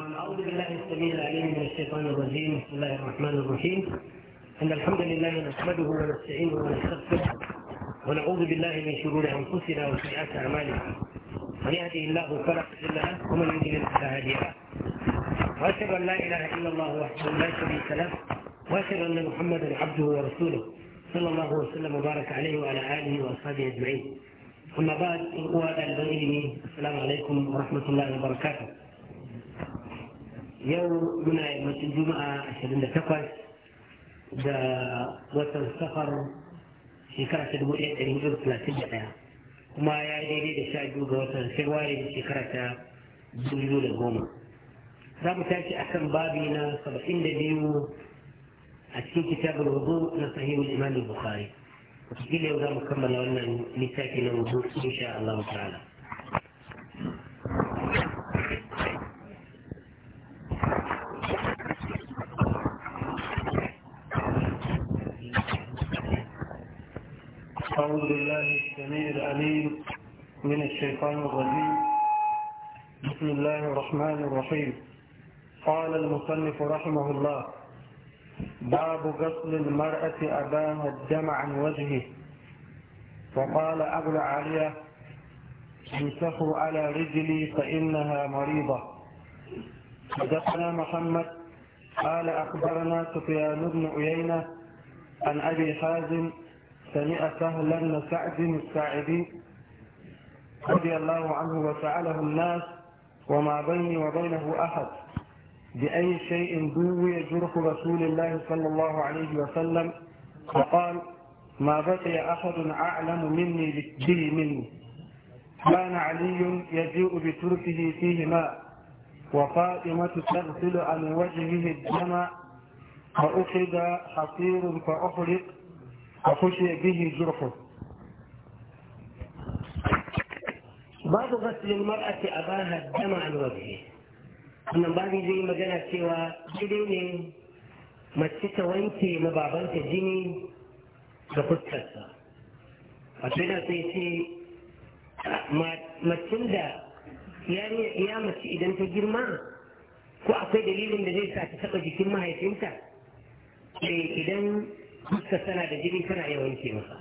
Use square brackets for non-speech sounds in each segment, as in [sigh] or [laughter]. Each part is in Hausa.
أعوذ بالله السميع العليم من الشيطان الرجيم بسم الله الرحمن الرحيم إن الحمد لله نحمده ونستعينه ونستغفره ونعوذ بالله من شرور أنفسنا وسيئات أعمالنا من يهده الله فلا مضل له ومن يضلل فلا هادي له وأشهد أن لا إله إلا الله وحده لا شريك له وأشهد أن محمدا عبده ورسوله صلى الله وسلم وبارك عليه وعلى آله وأصحابه أجمعين أما بعد إخوة البغيلي السلام عليكم ورحمة الله وبركاته yau muna mutum juma'a 28 da watan safar shekara ta ɗaya kuma ya yi daidai da sha biyu ga watan da shekara ta 2010 za mu tashi a kan babi na 72 a cikin kitabar wudu na sahihul imam bukhari wataƙila yau za mu kammala wannan littafi na wudu insha Allah ta'ala أعوذ بالله السميع العليم من الشيطان الرجيم بسم الله الرحمن الرحيم قال المصنف رحمه الله باب غسل المرأة أباها الدم عن وجهه وقال أبو العالية امسحوا على رجلي فإنها مريضة حدثنا محمد قال أخبرنا سفيان بن عيينة عن أبي حازم سمع سهل بن سعد الساعدي رضي الله عنه وسأله الناس وما بيني وبينه أحد بأي شيء دوي جرح رسول الله صلى الله عليه وسلم فقال ما بقي أحد أعلم مني به مني كان علي يجيء بتركه فيه ماء وفاطمة تغسل عن وجهه الدم فأخذ حصير فأحرق وفشي به جرح بعض بس للمرأة أباها الدم الدمع الوجه أنا بعد ما مجانا سوى جديني ما تسيت وانتي ما بعبانت جيني تقول كسا أتنا تيسي ما تسندا يعني يا مسي إذا أنت جرما كو أقوي دليل من دليل ساعة تسقى جي كما هيتمتا إذا fuskar tana da jini tana iya wanke masa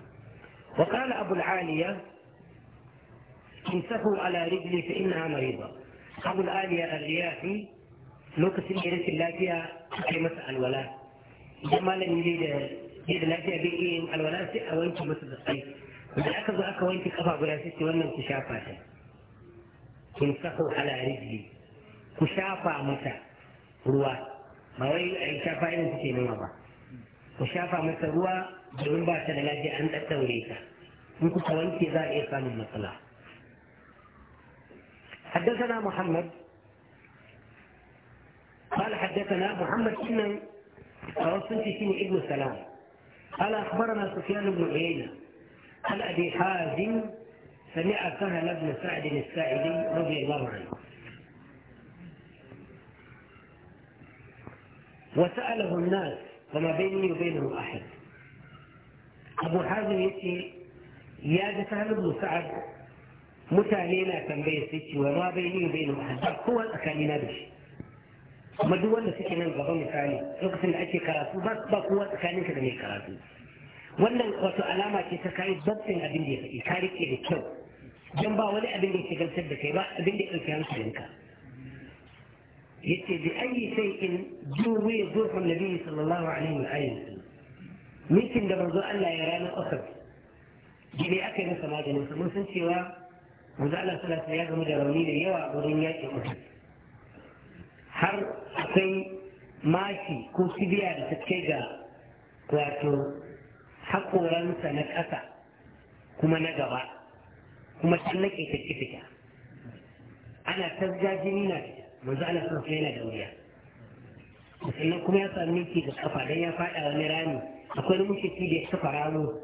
wa qala abul aliya imsahu ala rijli fa innaha marida abul aliya ar lokacin da rashin lafiya ake masa alwala idan malami ne lafiya bai iya yin alwala a wanke masa da tsayi da aka zo aka wanke kafa guda sai ce wannan ku shafa ta imsahu ala rijli ku shafa mata ruwa ba wai a yi shafa irin take nuna ba ku shafa masa ruwa domin ba ta da lafiya an ɗaɗɗaure ta in ta wanke za a iya samun matsala حدثنا محمد قال حدثنا محمد إن توسل في سن ابن سلام قال اخبرنا سفيان بن عيينه عن ابي حازم سمع سهل بن سعد الساعدي رضي الله عنه وساله الناس وما بيني وبينه أحد أبو حازم يتي يا جسام بن سعد متانينا كان بيسيتي وما بيني وبينه أحد هو أكانينا بشي kuma duk wanda suke nan gaba misali lokacin da ake karatu ba ba kowa tsakaninka da mai karatu wannan wato alama ce ta kai babban abin da ya faɗi ka rike da kyau don ba wani abin da ya gantar da kai ba abin da ya ɗauki hankalinka يأتي بأي شيء جوي جوح النبي صلى الله عليه وسلم ممكن ده برضو ألا يرانا أخر جيلي أكي نسا ما جنو سمو سنشي وا وزا الله صلى الله عليه وسلم يوا عبرين يأتي أخر هر أخي ماشي كوشي بيا لتكيجا كواتو حق ورانسا نكأسا كما نجبا كما تنكي تكيفكا أنا تزجاجي مناكي manzo sun sai yana da wuya sannan kuma ya sami miki da kafa don ya fada wani rami akwai wani mushiki da ya kafa ramo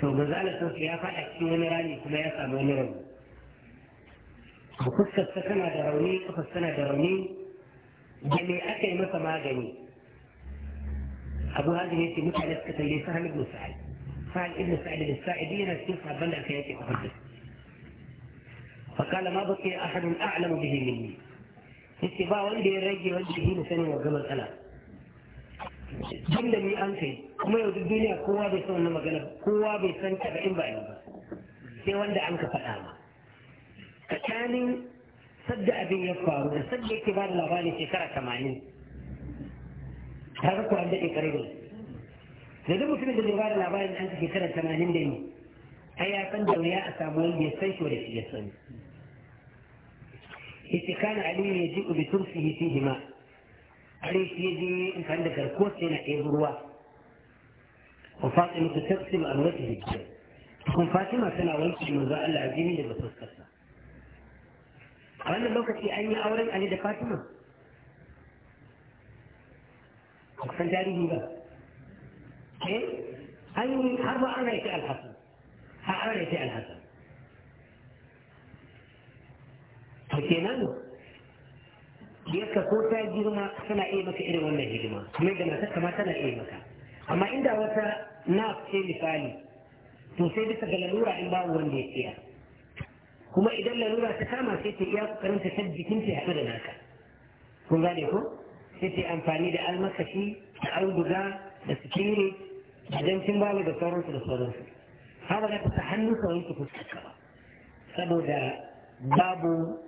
sau manzo Allah sun sai ya fada cikin wani rami kuma ya sami wani rauni a fuskarsa tana da rauni kafas tana da rauni da me aka yi masa magani abu hajji ne ce mutane suka tambaye sahal ibn sa'ad sahal ibn sa'ad da sa'idi yana cikin sabon da aka yake kafar da فقال ما بقي أحد أعلم ya rage اتباع وندي يرجي وجهي لسنة وقبل أنا tunda ni an kai kuma yanzu duniya kowa bai san wannan magana kowa bai san ta ba in ba ba sai wanda an ka faɗa ma tsakanin sadda abin ya faru da sadda yake ba da labarin shekara tamanin ta ga kuwa daɗe ƙarfi da duk mutumin da zai ba labarin an ka shekara tamanin da ni ai ya san da wuya a samu wanda ya san da shi ya إذا كان علي يجيء بترسه فيه ماء علي يجيء أنت عندك الكوسي نحي ضروة وفاطمة تغسل عن وجهه تكون فاطمة سنة وجه من ذا الله عزيمي اللي بتوسكسها قال لو كنت أني أورم أني فاطمة أقسم جاري بيبا إيه؟ أي أني حرب أنا يتعى الحسن ها أنا يتعى الحسن to kenan yadda ko ta girma tana iya maka irin wannan hidima kuma da matar kama tana iya maka amma inda wata na ce misali to sai bisa ga lalura in babu wanda ya tsaya kuma idan lalura ta kama sai ta iya kokarin ta san jikin ta haɗu da naka kun gane ko sai ta amfani da almakashi da auduga da sikiri da jancin babu da sauransu da sauransu har za ta hannu sauransu fuskarka ba saboda babu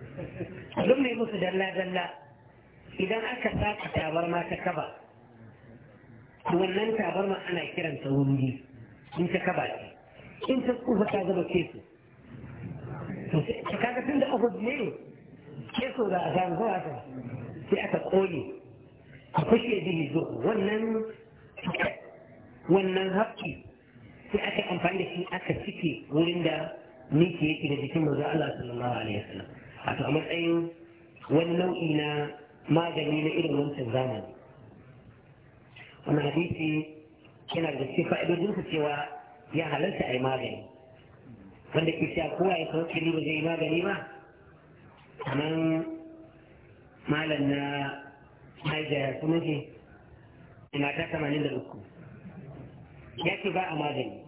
a mai musu dalla-dalla idan aka saka tabarma ta kaba wannan tabarma ana kiranta wuri in ta kaba ce in ta tsufa ta zama kesu to kaga tun da abu ne kesu za a samu kawai ta sai aka kone a kushe bihi zo wannan wannan haƙƙi sai aka amfani da shi aka cike wurin da miki yake da jikin manzo Allah sallallahu alaihi wasallam wato a matsayin wani nau'i na magani na irin wancan zamani wani hadisi yana da cikin su cewa ya halarta a yi magani wanda ke cewa kowa ya sauke kiri ba zai yi magani ba kamar malam na Niger su ce ina ta tamanin da uku ya ce ba a magani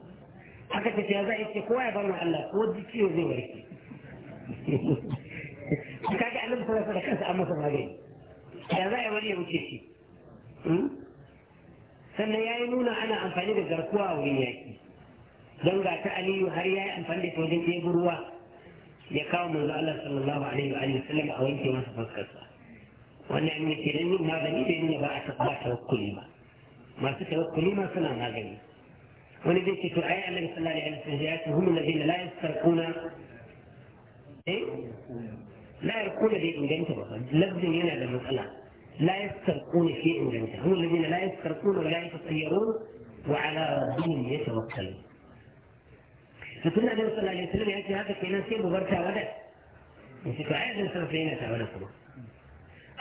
haka ta ce za a ce kowa ya ba mu Allah ko duk ciwo zai warke [laughs] [laughs] kaga annabi sallallahu alaihi kansa an masa magani da za a yi wani ya wuce shi hmm? sannan ya yi nuna ana amfani da garkuwa a wurin yaki don ga ta aliyu har ya yi amfani da ta wajen ɗebo ya kawo manzo Allah sallallahu alaihi wa alihi a wanke masa fuskarsa wannan ne ke nan yin magani da yin ba a taɓa tawakkuli ba masu tawakkuli ma suna magani wani zai ce to ayi Allah sallallahu alaihi wa sallam ya ce hum alladhina la yastarquna eh لا يكون بإنجنته لفظ هنا للمسألة لا يسترقون شيء جميعا هم الذين لا يسترقون ولا يتطيرون وعلى ربهم يتوكلون فكنا النبي صلى الله عليه وسلم يأتي هذا في كينا سير مباركة ودا يسيك عايز نسلم فينا تعالى سبا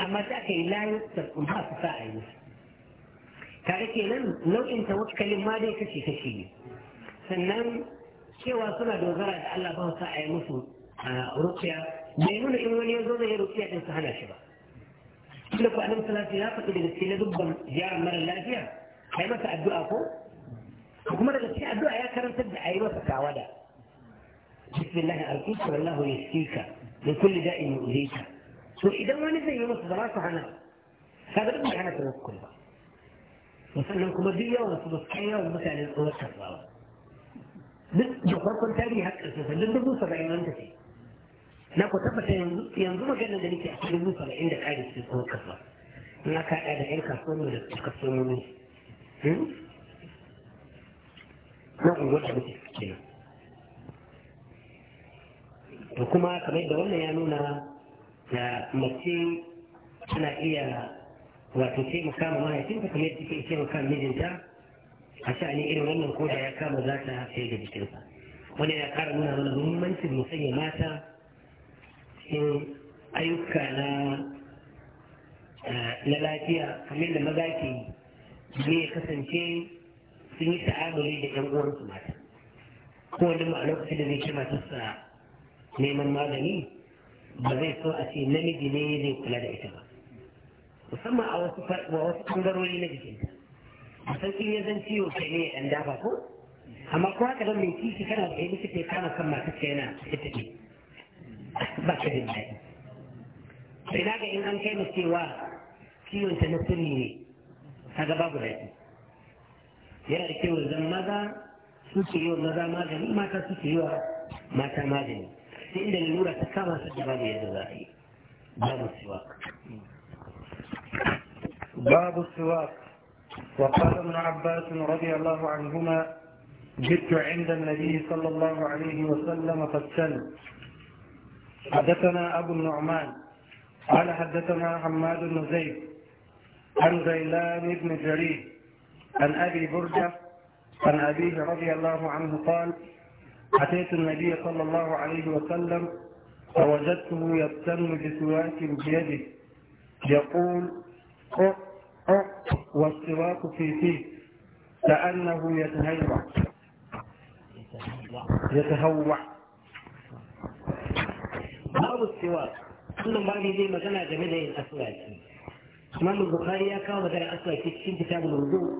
أما تأتي لا يسترقون ها فاعل كذلك لم لو أنت وتكلم ما دي شيء كشيء sannan cewa suna دوغرة الله Allah ba sa a bai nuna in wani ya zo zai rukiya din su hana shi ba tunda ko annabi sallallahu ya faɗi daga cikin dubban yaran mara lafiya kai masa addu'a ko kuma daga cikin addu'a ya karantar da ayi masa kawada bismillah arqika wallahu yashfika min kulli da'in yu'dika to idan wani zai yi masa zama su hana kaga duk hana ta wasu ba musamman kuma duk yawan su basu kai yawan mutane tsohon karbawa duk da farkon tarihi har ƙarshen duk dubu saba'in wanda ce na ku tabbata yanzu maganar da nake a cikin rufa da inda ƙari su kuma kasa na ka ɗaya da 'yan kasuwanni da kasuwanni hmm? na unguwar da muke kenan to kuma kamar da wannan ya nuna da mace tana iya wato taimaka ma mahaifinta kamar yadda take taimaka mijinta a sha'ani irin wannan koda ya kama za ta sai da jikinsa wani ya kara nuna mana muhimmancin musanya mata cikin ayyuka na eh, lafiya kamar da maza ke ne ya kasance sun yi ta'amuli da yan uwansu mata ko wani ma a lokacin da zai ce sa neman magani ba zai so a ce namiji ne zai kula da ita ba musamman a wasu ɓangarori na jikinta a sauƙin ya zan ciwo kai ne ɗan dafa ko amma ko haka don mai kishi kana da ya likita ya kama kan matarsa yana ita ne ba ka jin daɗi sai daga in an kai cewa ciwon ta na sirri ne kaga babu daɗi yana da kyau zan maza suke yi wa maza magani mata suke yi wa mata magani sai inda lura ta kama su da babu yadda za a yi babu siwak باب السواك وقال ابن عباس رضي الله عنهما جئت عند النبي صلى الله عليه وسلم فاستلم حدثنا أبو النعمان قال حدثنا حماد بن زيد عن زيلان بن جرير عن أبي برجة عن أبيه رضي الله عنه قال أتيت النبي صلى الله عليه وسلم فوجدته يبتن بسواك بيده يقول أق أه، أق أه، والسواك في فيه كأنه يتهوع يتهوع السواك كلهم بعد يجي مثلا جميلة الأسواك إمام البخاري يا مثلا أسواك تكتين كتاب الوضوء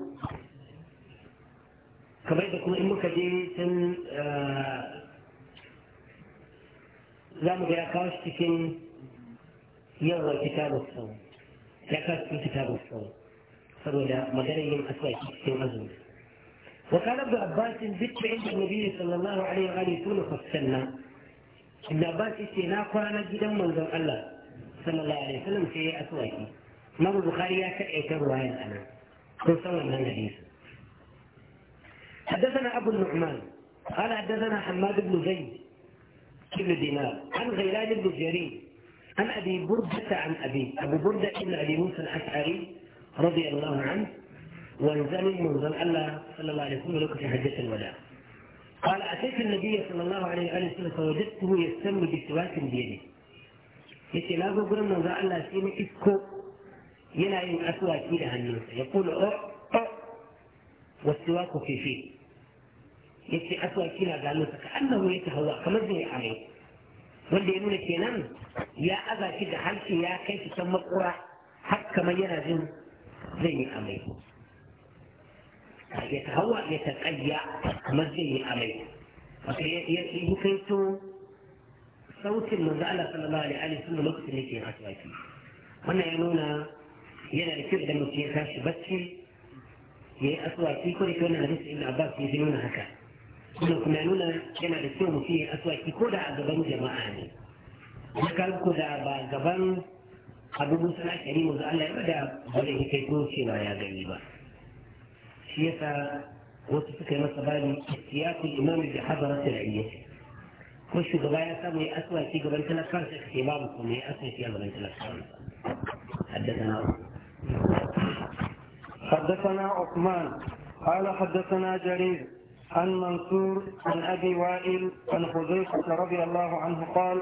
كما إذا كنا إمو كجيري سن زامو آه، يا كاو الصوم يا كاو كتاب الصوم فرولا مثلا يجي أسواك تكتين أزوك وكان ابن عباس بيت عند النبي صلى الله عليه وسلم فاستنى inda ba shi ce na kwana gidan manzon Allah sallallahu alaihi wasallam sai ya Bukhari ya ko hadisi حدثنا أبو النعمان قال حدثنا حماد بن زيد بن دينار عن غيلان بن جرير عن أبي بردة عن أبي أبو بردة بن أبي موسى الأشعري رضي الله عنه وانزل منزل الله صلى الله عليه وسلم في حجة الوداع قال أتيت النبي صلى الله عليه وسلم فوجدته يستم بسواك بيده يتي لا قبر من ذا الله سيما إسكو ينعم أسواك إلى الناس يقول أو أو والسواك في فيه يتي أسواك إلى قال كأنه يتهوى كما عليه wanda ya nuna kenan ya aza shi da harshe ya kai shi can makura har kamar yana jin zai yi amai يتهوى يتقيا كما زي yi وكيتو sautin manzo Allah sallallahu alaihi wa suna lokacin da yake hatwaki wannan ya nuna yana da kyau da mutum ya tashi bacci ya yi aswaki ko da wannan hadisi ibn Abbas ya nuna haka kuma kuma ya nuna yana da kyau mutum ya yi aswaki ko da a gaban jama'a ne na ko da ba gaban abubuwan sana'a ne manzo Allah ya bada ba zai kai ko cewa ya gani ba كيف وصف كما قبل احتياط الامام في العيد خش قبل كم هي اسوء شيء قبل ثلاث خمس اختبامكم هي اسوء شيء قبل ثلاث حدثنا حدثنا عثمان قال حدثنا جرير عن منصور عن ابي وائل عن حذيفه رضي الله عنه قال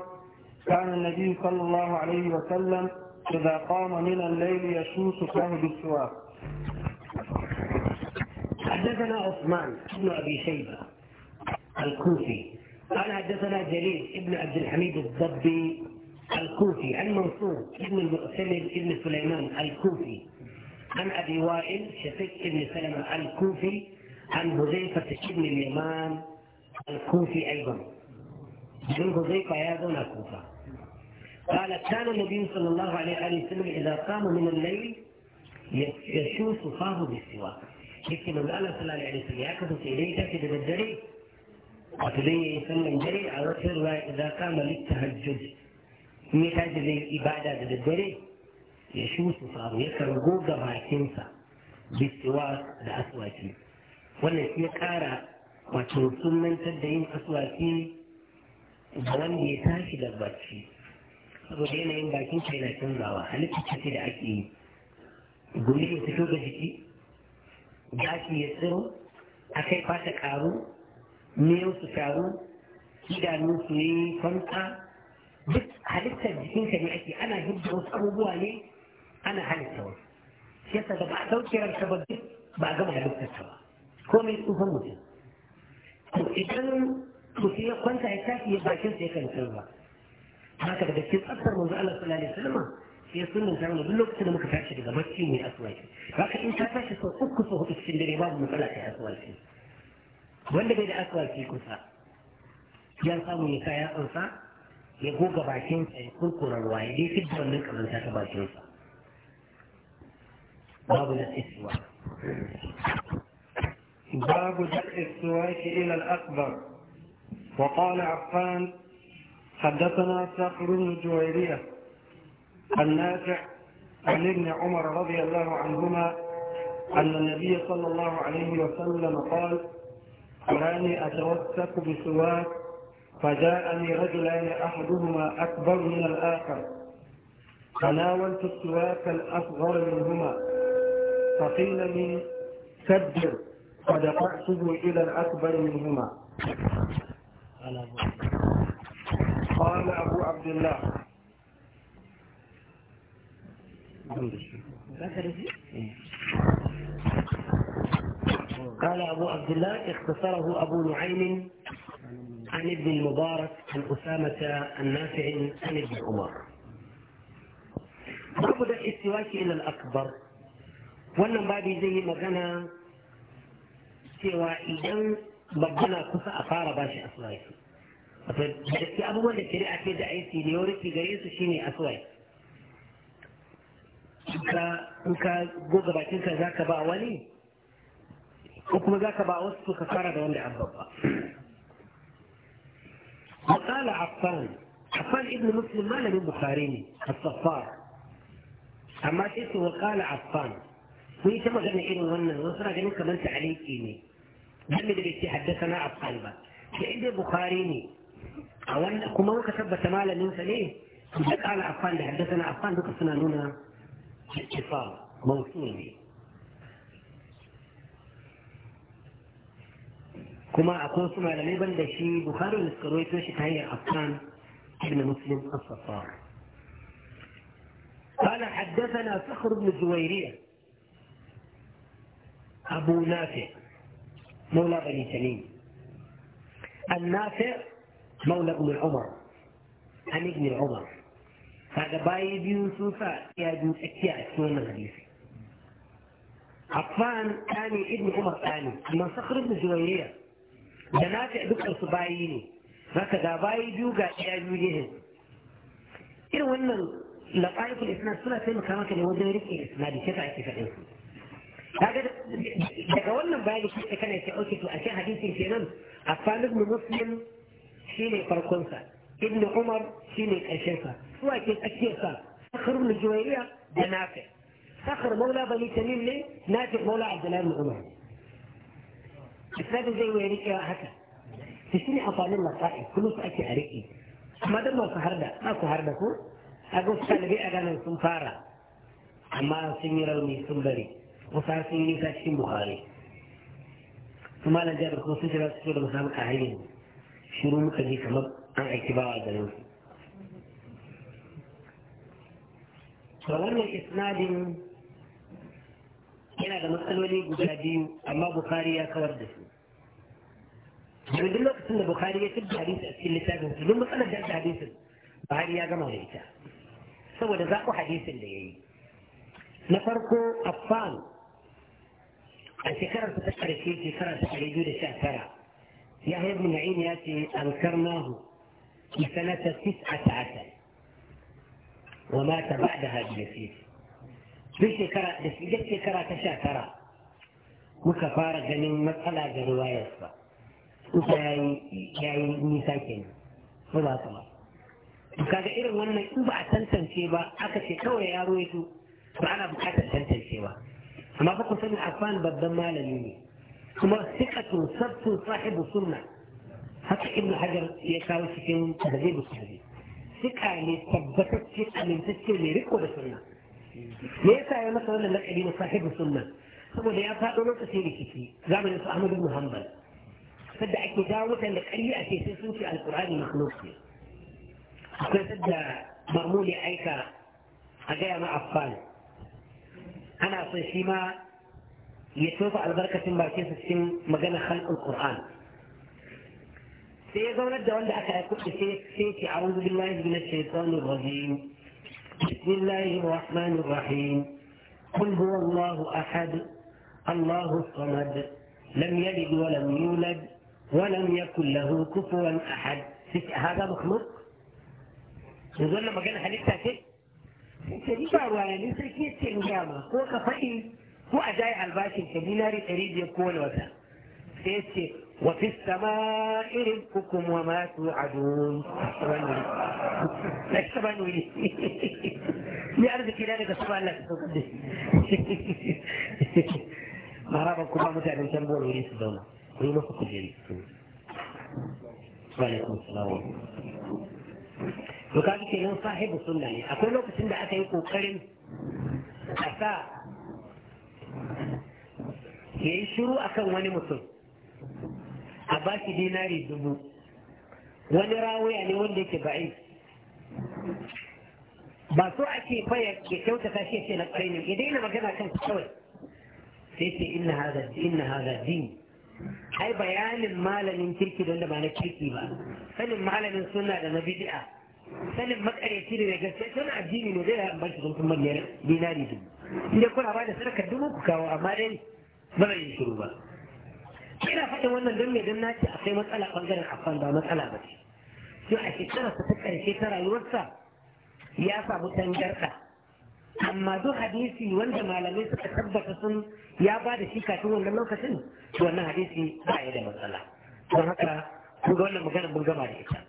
كان النبي صلى الله عليه وسلم اذا قام من الليل يشوش فيه بالسواك حدثنا عثمان بن أبي شيبة الكوفي قال حدثنا جليل بن عبد الحميد الضبي الكوفي عن منصور بن المؤتمر بن سليمان الكوفي عن أبي وائل شفيق بن سلمة الكوفي عن هزيفة بن اليمان الكوفي أيضا من هزيفة يا دون الكوفة قال كان النبي صلى الله عليه وآله وسلم إذا قام من الليل يشوف فاه بالسواك yake manzo Allah sallallahu alaihi ya kasance idan ya tashi da daddare wato dai yayi sallan dare a wata ruwaya idan kama littahajjud in ya tashi zai ibada da daddare ya shusu faru ya kargo ga bakinsa bisiwa da aswaki wannan shi ya kara wato sunantar da yin aswaki ga wanda ya tashi da barci saboda yanayin bakin sa yana canzawa halittar ce da ake yi gumi ya fito ga jiki gashi ya tsiro a kai fata karu miyau su taru idanun su yi kwanta duk halittar jikinka ne ake ana hidda wasu abubuwa ne ana halitta wasu yasa da ba a sauke ranka ba duk ba a gama halittar ta ba ko mai tsufan mutum to idan mutum ya kwanta ya tafi ya bakin sa ya kan ba haka daga cikin tsaftar manzo Allah sallallahu alaihi wasallam sai sunan ta duk lokacin da muka tashi daga bacci ne aswaki haka in ka tashi sau uku sau hudu cikin dare babu matsala ta aswaki wanda bai da aswaki kusa ya samu ya kaya tsansa ya goga bakinsa ya kurkura ruwa ya dai fidda wannan kazanta ta bakinsa babu na isuwa باب دفع السواك إلى الأكبر وقال عفان حدثنا صخر بن جويرية النافع عن ابن عمر رضي الله عنهما أن النبي صلى الله عليه وسلم قال أراني أتوسك بسواك فجاءني رجلان أحدهما أكبر من الآخر تناولت السواك الأصغر منهما فقيل لي كبر فدفعته إلى الأكبر منهما قال أبو عبد الله قال أبو عبد الله اختصره أبو نعيم عن ابن المبارك عن أسامة النافع عن ابن عمر ضرب الاستواك إلى الأكبر وأن بابي زي ما غنى سوى إيجان بابنا كفى أخار باشي أصلاحي فإذا أبو ولد كريعة كده عيسي ليوريكي غيسو شيني أصلاحي in ka goga bakinka za ka ba wani wasu ka fara da wanda an babba matsala affan affan ibn malamin bukhari ne a safar amma sai su wakala affan ta magana irin wannan wasu suna ganin kamar ta aliki ne wanda da ke haddasa na affan ba sai inda bukhari ne a wannan kuma muka tabbata malamin sa ne su da kala affan da haddasa na affan duka suna nuna اتصال موصول لي كما أقول سمع لمي بندشي بخاري ونسكروي توشي تهي أفكان ابن مسلم الصفار قال حدثنا فخر بن زويرية أبو نافع مولى بني سليم النافع مولى ابن عمر عن ابن عمر kaga bayi biyu sun sa iya biyu tsakiya a cikin wannan hadisi Affan ɗani ibn Umar ɗani amma sakar ibn Juwayriya da na ta dukkan su bayi ne zaka ga bayi biyu ga iya biyu ne irin wannan laƙa'ifin isnad suna taimaka maka ne wajen riƙe isnadi ta ta ake faɗin su kaga daga wannan bayani shi ne kana ce okay to a cikin hadisin kenan Affan ibn Muslim shine farkonsa ibn Umar shi shine ƙarshensa وقت الشيخة فخر بن الجويرية ده نافع فخر مولى بني تميم لي نافع مولى عبد الله بن عمر السادة زي ويريك يا هكا تشتري أطالي المصائب كله أكي أريكي ما دم ما سهرنا ما سهرنا كو أقول بي أغانا سنفارا أما سنير المي سنبري وصار سنير ساكشين بخاري ثم أنا جاب الخصوصي لا تشتري مسامك أهلين شروع مكذي كمب عن اعتبار ذلك da wannan isnadin yana da matsaloli guda biyu amma bukari ya kawar da su domin duk lokacin da bukari ya fi hadisi a cikin littafin su duk matsalar da ta hadisin bukari ya gama da ita saboda zaɓi hadisin da ya yi na farko affan a shekarar ta ƙarshe shekarar ta ɗari biyu da sha tara ya haibu na'in ya ce an karnahu sanata tis'ata asal ومات بعدها بيسير duk shekara da duk shekara ta sha tara muka fara ganin matsala ga riwayarsa kusa ya yi nisa kenan ba za su ba kaga irin wannan in ba a tantance ba aka ce kawai yaro su ba ana bukatar ba amma fa ku sani afan babban malami ne kuma sikatun sabtun sahibu sunna haka ibnu hajar ya kawo cikin tazibus hadith suka ne tabbatacce amintacce mai riko da sunna me yasa ya masa wannan lakari na sahibu sunna saboda ya faɗo lokacin rikici zamanin su Ahmadu bin Hanbal sadda ake dawo da ƙarya a sai sun ce alqur'ani makhluk ne akwai sadda marmuli aika a gaya ma affan ana son shi ma ya tofa albarkacin bakinsa cikin magana halƙin qur'an في قولة دولة حكاية أعوذ بالله من الشيطان الرجيم بسم الله الرحمن الرحيم قل هو الله أحد الله الصمد لم يلد ولم يولد ولم يكن له كفوا أحد هذا مخلوق يقول لما كان حديث تاكي سيديك كيف كيف يتنجاما هو كفائي هو أداي على الباشي كبيناري تريد يكون كيف كيف وفي السماء رزقكم وما توعدون ليش طبعا ويلي يا أرض كلاني قصبا لك ما رابا كما متعلم تنبول ويلي سدونا ويلي مفق الجري وعليكم السلام to kaga kenan sahibu sunna ne akwai lokacin da aka yi kokarin a sa a ba shi dinari dubu wani rawaya ne wanda yake ba'i ba so ake faya ke kyautata shi ce na kwarai ne idan yana magana kan kawai sai ce inna haza inna haza din ai bayanin malamin kirki don da ba na kirki ba sanin malamin suna da na bid'a sanin makareci ne da gaske sun addini ne zai ba shi sun manyan dinari dubu inda kuna ba da sadakar dubu ku kawo amma dai ba zan yi shiru ba kina faɗin wannan don me don ce akwai matsala ɓangaren afan ba matsala ba ce sai a shekararsa ta ƙarshe ta rayuwarsa ya samu tangarɗa amma duk hadisi wanda malamai suka tabbata sun ya ba da shi kafin wannan lokacin to wannan hadisi ba ya da matsala don haka kun ga wannan magana mun gama da ita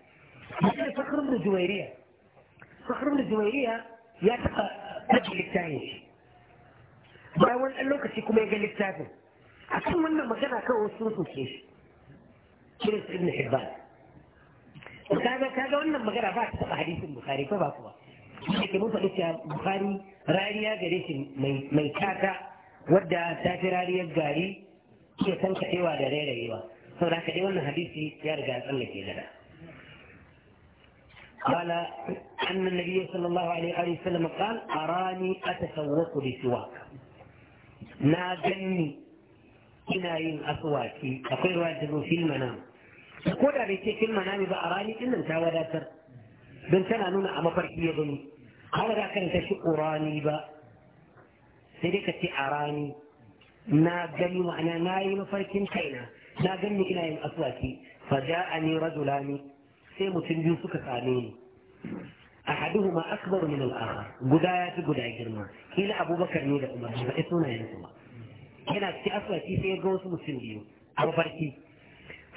magana sakarun da juwairiya sakarun da juwairiya ya taɓa taɓa littafin shi bayan wani lokaci kuma ya ga littafin akan wannan magana kan wasu sun ke shi kiris ibn hibban kaga kaga wannan magana ba ta taba hadisin bukhari ko ba kuwa yake mun faɗi cewa bukhari rariya gare shi mai kaka wadda ta fi rariyar gari ke san kaɗewa da rairayewa saboda haka dai wannan hadisi ya riga ya tsallake gada قال أن النبي صلى الله عليه وآله وسلم قال أراني أتسوق بسواك ناجني ina yin aswaki akwai ruwa da zo fil manam ko da bai ce fil manami ba a rani din nan ta wadatar don tana nuna a mafarki ya gani har da kan ta shi urani ba sai dai ka ce a rani na gani ma'ana na yi mafarkin kaina na gani ina yin aswaki fa ja'ani rajulani sai mutum biyu suka same ni guda ya من guda girma kila abubakar ne da أبو ba نيدا أمر فإسونا ينسوا هنا في أصغر كيفية قوس مسلمين أو فاركي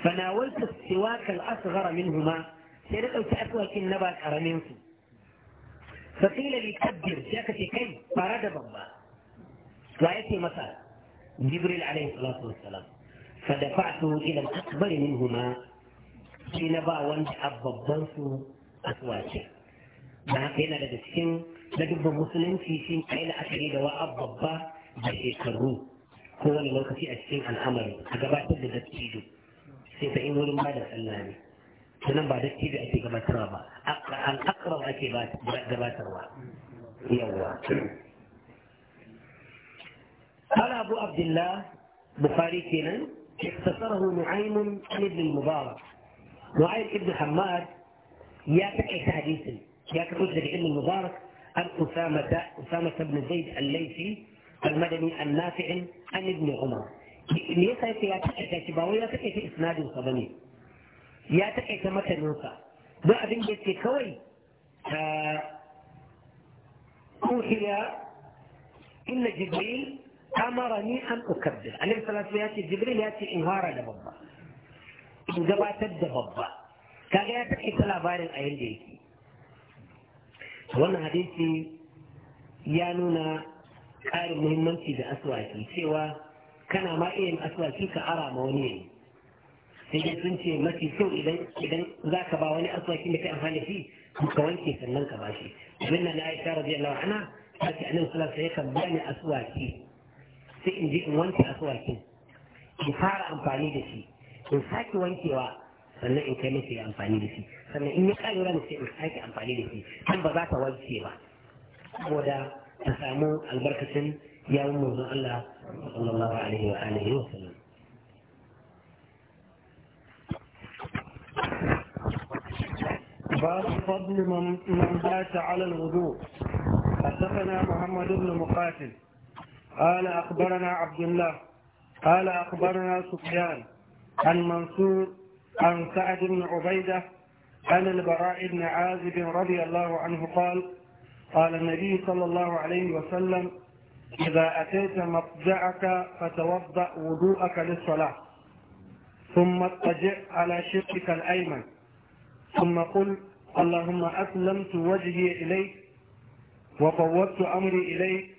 فناولت السواك الأصغر منهما سيرتوا تأسوا كي النبا كرمينسو فقيل لي كبر شاكتي كي فرد بابا وآيتي مثلا جبريل عليه الصلاة والسلام فدفعته إلى الأكبر منهما في نبا وانج أبضانسو أسواكي ما كينا لدسكين لدب مسلم في سين كينا أشريد وأبضبا بشيك الروح kowane lokaci a cikin al'amari a gabatar da dattijo sai ta in wurin ba da sallah ne sannan ba dattijo ake gabatarwa ba al'akarar ake gabatarwa yawwa قال أبو عبد الله بخاري كينا اختصره نعيم عن ابن المبارك نعيم ابن حماد يا تكي حديث يا كتب ابن المبارك عن أسامة أسامة بن زيد الليثي Almadani النافع عن ابن عمر me yasa ya take shi ya take shi isnadin sa bane ya take mata nusa don abin da yake kawai kuhiya inna jibril amara ni an ukabda alayhi salatu ya ce jibril ya in hara da babba in gabatar da babba kaga ya take labarin a yanda yake wannan hadisi ya nuna ƙarin muhimmanci da aswaki cewa kana ma iya yin aswaki ka ara ma wani yayi sai dai sun ce mafi kyau idan idan za ka ba wani aswaki da kai amfani da shi ka wanke sannan ka bashi abin nan biyar radiyallahu anha ta ce annabi sai ka biya ni aswaki sai in je in wanke aswakin in fara amfani da shi in sake wankewa sannan in kai masa ya amfani da shi sannan in ya ƙare da sai in sake amfani da shi kan ba za ka wanke ba saboda تسامو البركة يا أم الله صلى الله عليه وآله وسلم باب فضل من بات على الوضوء حدثنا محمد بن مقاتل قال أخبرنا عبد الله قال أخبرنا سفيان عن منصور عن سعد بن عبيدة عن البراء بن عازب رضي الله عنه قال قال النبي صلى الله عليه وسلم إذا أتيت مضجعك فتوضأ وضوءك للصلاة ثم اضطجع على شقك الأيمن ثم قل اللهم أسلمت وجهي إليك وفوضت أمري إليك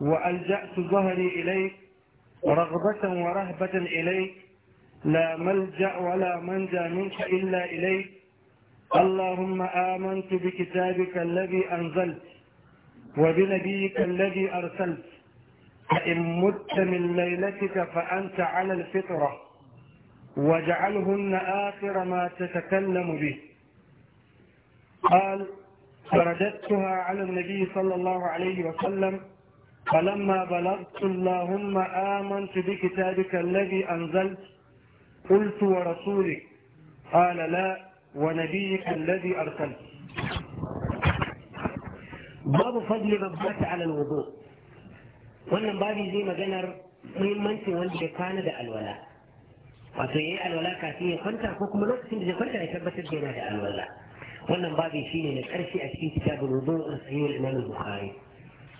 وألجأت ظهري إليك رغبة ورهبة إليك لا ملجأ ولا منجى منك إلا إليك اللهم آمنت بكتابك الذي أنزلت وبنبيك الذي أرسلت فإن مت من ليلتك فأنت على الفطرة واجعلهن آخر ما تتكلم به قال فرددتها على النبي صلى الله عليه وسلم فلما بلغت اللهم آمنت بكتابك الذي أنزلت قلت ورسولك قال لا ونبيك الذي أرسلت باب فضل ربك على الوضوء wannan babi zai maganar muhimmancin wanda ya kwana da alwala wato ya yi alwala kafin ya kwanta ko kuma lokacin da ya kwanta ya tabbatar da yana da alwala wannan babi shine na ƙarshe a cikin kitabul wudu a sahih imam bukhari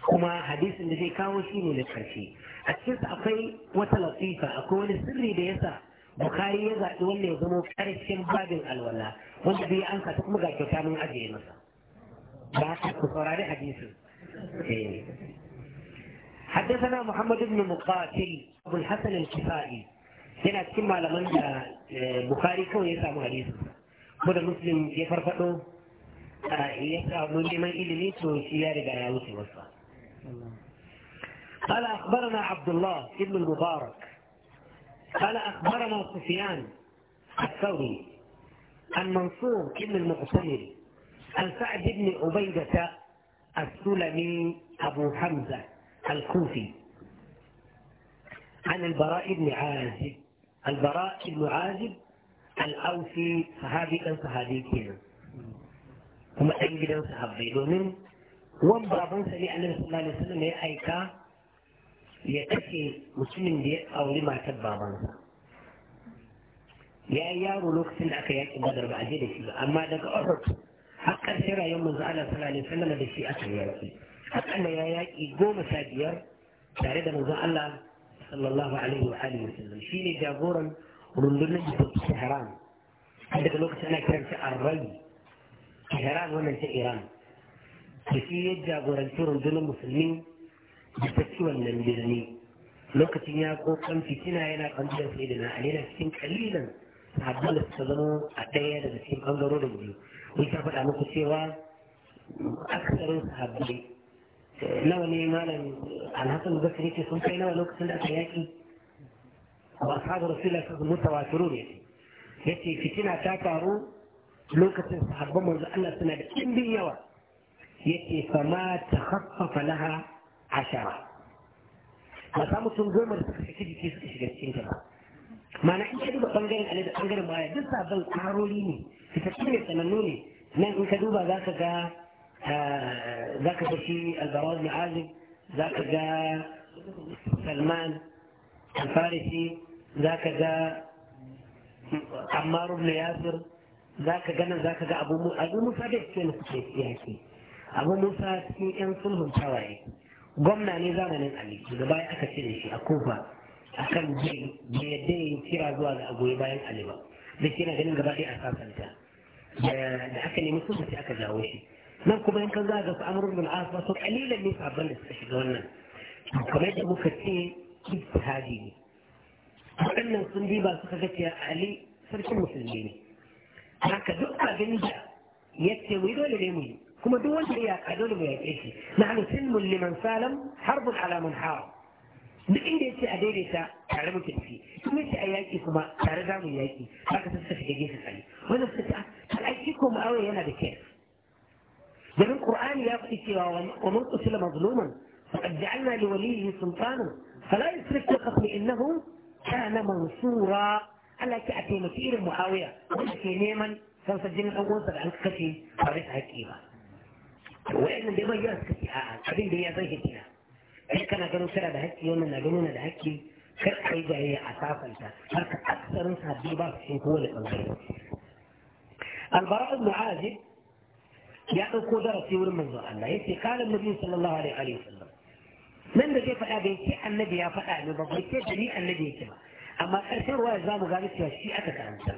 kuma hadisin da zai kawo shi ne na karshe a cikin akwai wata latifa akwai wani sirri da yasa bukari ya zaɓi wanda ya zama ƙarshen babin alwala wanda bai an kata kuma ga kyauta mun ajiye masa ba haka ku saurari hadisin حدثنا محمد بن مقاتل ابو الحسن الكفائي هنا كما لمن بخاري كون يسام حديث كون مسلم يفرفدو يسامو لمن إلي تو قال أخبرنا عبد الله بن المبارك قال أخبرنا سفيان الثوري عن منصور بن المعتمر عن سعد بن عبيدة السلمي أبو حمزة الكوفي عن البراء بن عازب البراء بن عازب الأوفي صحابي كان صحابي كنا kuma ɗan gidan sahabbai domin wan babansa ne annabi sallallahu alaihi wasallam ya aika لأكي مسلم دي أو لما تبع بانسا يا يا ولوك سن أكياك بدر بعدين كذا أما دك أرد حق سيرة يوم من زعل صلى الله عليه وسلم هذا شيء أكل يا ربي حق أن يا يا إيجو مسادير تاريد من زعل صلى الله عليه وآله وسلم شيني جابورا ونندرنا جبت سهران عندك لوك سنة كرمت أرد سهران ومن سهران بسيئة جابورا تورندنا مسلمين da saki wannan birni lokacin ya ko kan fitina yana ɓangaren sai da na'ali yana cikin kalilan abin da suka zama a ɗaya daga cikin ɓangarorin biyu mun ta faɗa muku cewa aksarin sahabbai nawa ne malam alhassan basri ce sun kai nawa lokacin da aka yaƙi a ashabu rasulullah sun mutawatiru ne yace fitina ta faru lokacin sahabban manzo Allah suna da ɗimbin yawa yace fa ma takhaffafa laha ashara ba sa mutum goma da suka shiga jiki suka shiga cikin ta ba mana in ka duba bangaren alai da bangaren baya duk sabon karoli ne fitattu ne sanannu ne nan in ka duba za ka ga eh, za ka ga shi albaraz na za ka ga salman alfarisi za ka ga ammar na yasir za ka ganin za ka ga abu musa da suke na suke yaki abu musa cikin yan sulhun tawaye gwamna ne zamanin ali daga baya aka cire shi a kofa akan kan da yadda ya kira zuwa ga agoyi bayan ali ba da shi na ganin gaba ɗaya a sasanta da aka nemi sun sai aka jawo shi nan kuma in kan ga su amurin bin asuwa sau kalilan ne sabon da suka shiga wannan Kuma yadda muka ce Haji ne waɗannan sun diba suka ga cewa ali sarkin musulmi ne haka duk abin da ya ce mu yi dole ne mu yi كما دول يا قدول يا إيشي نحن سلم لمن سالم حرب على من حارب لإن دي إيشي أدير إيسا تعلم تبكي كما إيشي أياكي كما تردام إياكي فاك تستفق إيجي سفعي وإن أفتتع هل أيكيكم أوي ينا بكيف لمن القرآن يأخذ ومن أصل مظلوما فقد جعلنا لوليه سلطانا فلا يسرق تقفني بأنه كان منصورا على كأتي مسير معاوية وإن كي نيما سنسجن أول سبعين كتير فريسها كيما wa'annan dai bayyana suka ce a'a abin da ya zai hikina in kana ganin kana da haƙƙi wannan na ganin da haƙƙi kar a yi jayayya a safanta har ka aksarin sabbi ba su cin kowane ɓangare albara ibn azib ya ɗauko darasi wurin manzo Allah ya ce kalan nabi sallallahu alaihi wa sallam nan da zai faɗa bai ce annabi ya faɗa ne ba bai ce da ni annabi yake ba amma ƙarshen ruwa za mu gane cewa shi aka karanta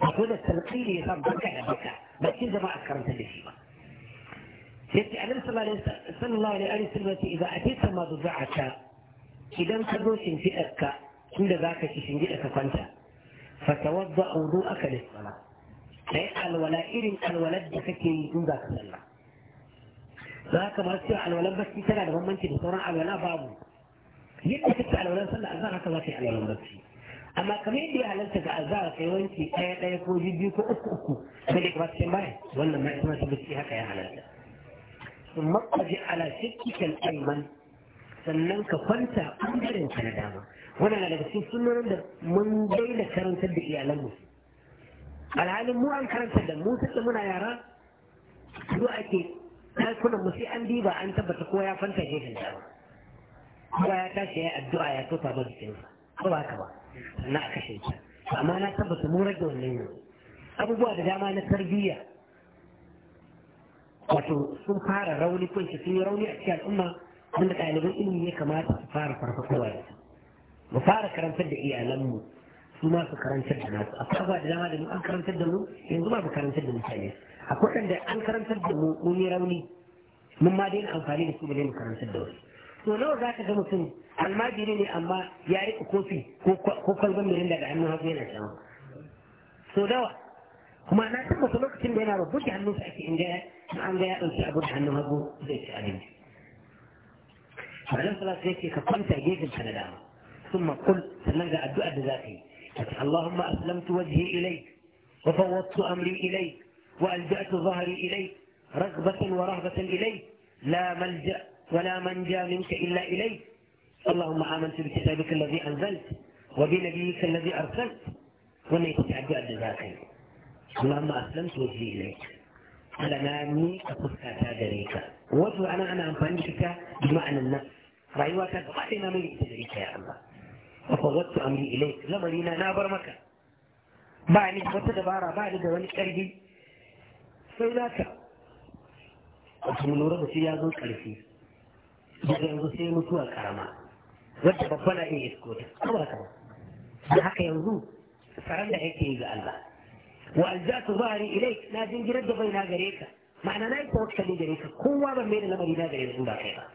akwai da sarƙi ne ya samu baka da baka ba ce jama'a karanta da shi ba يتي النبي صلى الله عليه وسلم إذا أتيت ما ضجعك إذا كدوش في أكا كل ذاك تشنجي أكا فانتا فتوضأ وضوءك للصلاة أي الولاء إرن الولد فكي يوضاك صلى ذاك ما سيع الولد بس ترى لما أنت بصراع الولاء بابو يبقى كنت على الولاء صلى أزار هكذا في على الولاء بس أما كم يدي على أنت أزار في وانت أي لا يكون جدي كو أكو أكو ملك بس ما ولا ما اسمه بس هكذا على الولاء ثم اقضي على سكك aiman sannan ka kwanta ɓangaren ka na dama wannan na daga cikin sunan da mun daina karantar da iyalanmu alhalin mu an karanta da mu sai muna yara zuwa ake ɗakunan mu sai an diba an tabbata ko ya kwanta gefen dama kuma ya tashi ya addu'a ya tofa ba jikinsa ko ba ka ba sannan a kashe ta amma na tabbata mun rage wannan yanzu abubuwa da dama na tarbiyya wato sun fara rauni ko shi sun yi rauni a cikin al'umma wanda ɗaliban ilimi ya kamata su fara farfakowa da su mu fara karantar da iyalanmu su ma su karantar da nasu akwai abuwa da dama da mu an karantar da mu yanzu ba mu karantar da mutane akwai waɗanda an karantar da mu mun yi rauni mun ma daina amfani da su ba mu karantar da wasu to nawa za ka ga mutum almajiri ne amma ya riƙe kofi ko kwalban mirin daga hannun hagu yana shan so dawa kuma na tabbata lokacin da yana rubuce hannunsa ake in عندها نعم، أن تعبد عنه هبو زي تعليم فعلم صلاة زيك كقمت أجيب الحلال ثم قل سنلقى الدعاء بذاتي اللهم أسلمت وجهي إليك وفوضت أمري إليك وألجأت ظهري إليك رغبة ورهبة إليك لا ملجأ ولا منجا منك إلا إليك اللهم آمنت بكتابك الذي أنزلت وبنبيك الذي أرسلت وأن الدعاء الجزاك اللهم أسلمت وجهي إليك Allah na miƙa fuska ta gare ka wato ana ana amfani da ita bi ma'anan nan rayuwa ta gaba ɗaya na mai ita gare ka ya Allah fa fawattu amri ilai lamari na na bar maka ba ni da wata dabara ba ni da wani ƙarfi sai naka wato mu lura da shi ya zo ƙarfi daga yanzu sai mutuwa karama wadda babba na iya iskota kuma haka yanzu tsaron da yake yi ga Allah وألجأت ظهري إليك لا جنجر بين غريك معنى لا يتوكل غريك قوة من بين لما بين غريك من باقيها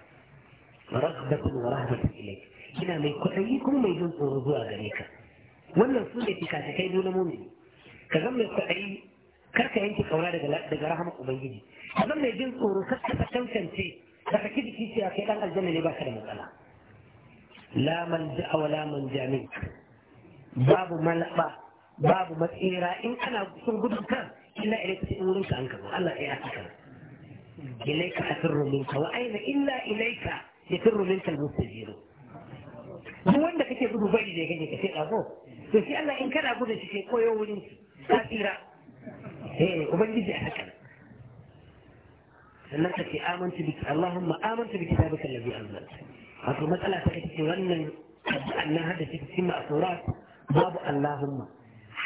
رغبة ورهبة Wannan هنا من كتيكم ما يجوز الرجوع غريك ولا سنة كاتكي دون مؤمن كغم الكتي karka yanke kaura daga rahama ubangiji abin mai jin tsoro kar ka tantance da kake da kici kai dan aljanna ne baka da matsala la man wa la man babu malaba babu matsira in ana sun gudun kan illa ilaika sai wurin ka an kama Allah ya yi haka ilaika asirru minka wa aina illa ilaika yasirru minka al-mustajiru duk wanda kake gudu bari da kake kace dago to shi Allah in kana gudu shi sai koyo wurin ka tsira eh ubangiji a haka sannan ka ce amantu bi Allahumma amantu bi kitabika allazi anzalta wato matsala ta kace wannan annan hada cikin ma'asurat babu Allahumma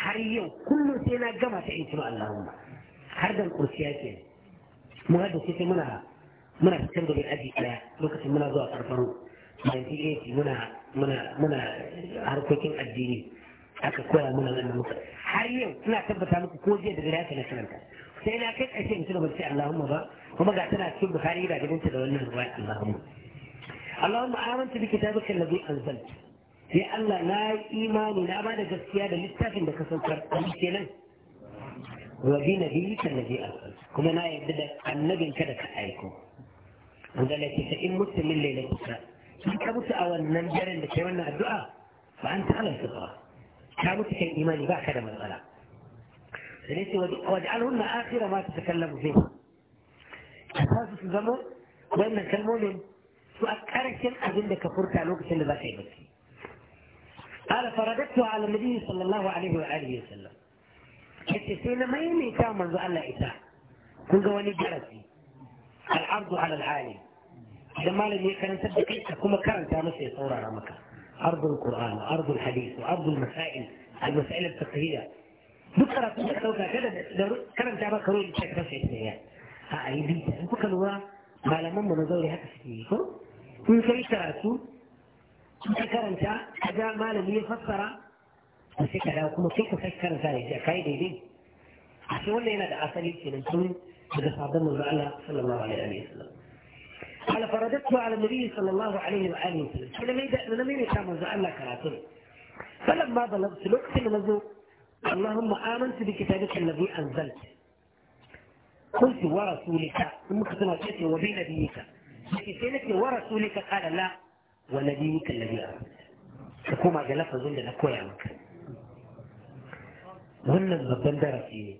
حريم كل سنة جمع تعيش مع الله هم هذا القرسياتي مو هذا سيسي منا منا تكمد بالأدي لا ركس منا ذو أطرفانو ما ينتي إيتي منا منا منا هاركوكين أديني أكا كوالا منا لأنا مكا حريم كنا تبدأ تعمل كوزية بغيرات الأسلام سينا كيف أشياء مثل ما بسي الله هم ذا هم قاعد تنا تكون بخاري لا جبنت دولنا الرواية الله هم اللهم آمنت بكتابك الذي أنزلت sai Allah na yi imani na ba da gaskiya da littafin da ka saukar a kenan wa bi nabiyyika alladhi arsal kuma na yarda da annabin ka da ka aiko an ga lake ta in mutum min laila kusa in ka mutu a wannan daren da kai wannan addu'a fa an ta alal fitra ka mutu kan imani ba ka da matsala sai ne waj'alhunna akhira ma tatakallamu fihi ka sa su zama wannan kalmomin su a ƙarshen abin da ka furta lokacin da za ka yi bacci قال فرددت على النبي صلى الله عليه وآله وسلم حتى سينا ما يمي كامل بأن لا إساء كل دواني جرسي العرض على العالم إذا ما لم يكن نسبك إيسا كما كان تامسي صورة رامك عرض القرآن وأرض الحديث وعرض المسائل المسائل الفقهية ذكر كنت أتوقع كذا كان تامك روي لشك رسي إسايا ها أيديتا أنت كان آه، ما لم من نزوري هكذا في ويمكن يشترعتوا ka karanta ka ga malami ya fassara a sai ka dawo kuma sai ka sai karanta ya ce kai daidai a sai wannan yana da asali kenan tun daga sabon manzo Allah sallallahu alaihi wa sallam قال فرددت على النبي صلى الله عليه واله وسلم فلم لم يكن منزع الله كراتون فلما بلغت الوقت نزول اللهم امنت بكتابك الذي انزلت قلت ورسولك ثم كتبت وبنبيك لكن ورسولك قال لا ونبيك الذي أمنت تقوم أجلافة زند لكوي عنك wannan babban darasi ne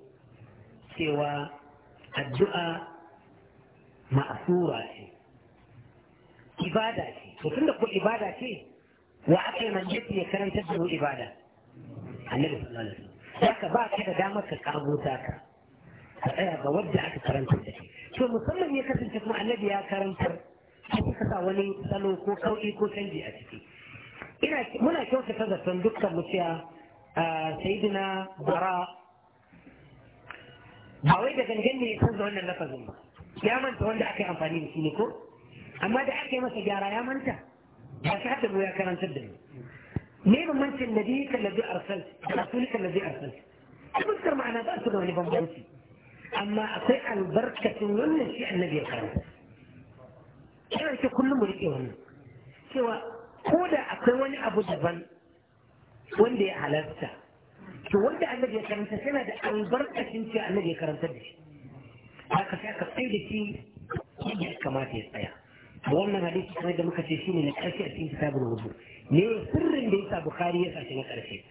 cewa addu'a ma'asura ce ibada ce to tunda ko ibada ce wa aka yi manjiti ya karanta da ibada annabi sallallahu alaihi haka ba ka da damar ka karbo ta ka ka tsaya ga wadda aka karanta da shi to musamman ya kasance kuma annabi ya karantar an kuka sa wani salo ko sauƙi ko canji a ciki ina muna kyautata zaton dukkan mu cewa sayidina bara ba wai da gangan ne ya canza wannan lafazin ba ya manta wanda aka yi amfani da shi ne ko amma da aka yi masa gyara ya manta ba shi haɗa ya karantar da ni ne bambancin da biyu kan lazi arsal da rasuli kan lazi arsal albarkar ma'ana ba su da wani bambanci amma akwai albarkacin wannan shi annabi ya karanta yana ce kullum mu riƙe wannan cewa ko da akwai wani abu daban wanda ya halarta to wanda annabi ya karanta yana da albarkacin ce annabi ya karanta da shi haka sai aka tsaye da shi ya kamata ya tsaya wannan hadisi kamar da muka ce shine na ƙarshe a cikin kitabul wudu ne sirrin da yasa bukhari ya sace na ƙarshe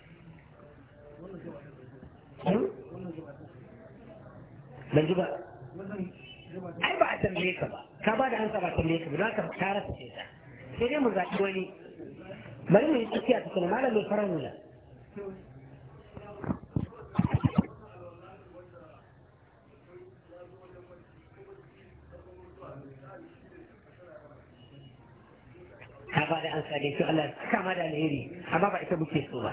ban ji ba ai ba a tambaye ka ba ka ba da ansa ba kalle ka ba ka kara ta ce ta sai dai mu zaɓi wani bari mu yi tsakiya ta kuma malam mai farar nuna ka ba da sa dai ke Allah kama da alheri amma ba ita muke so ba [laughs]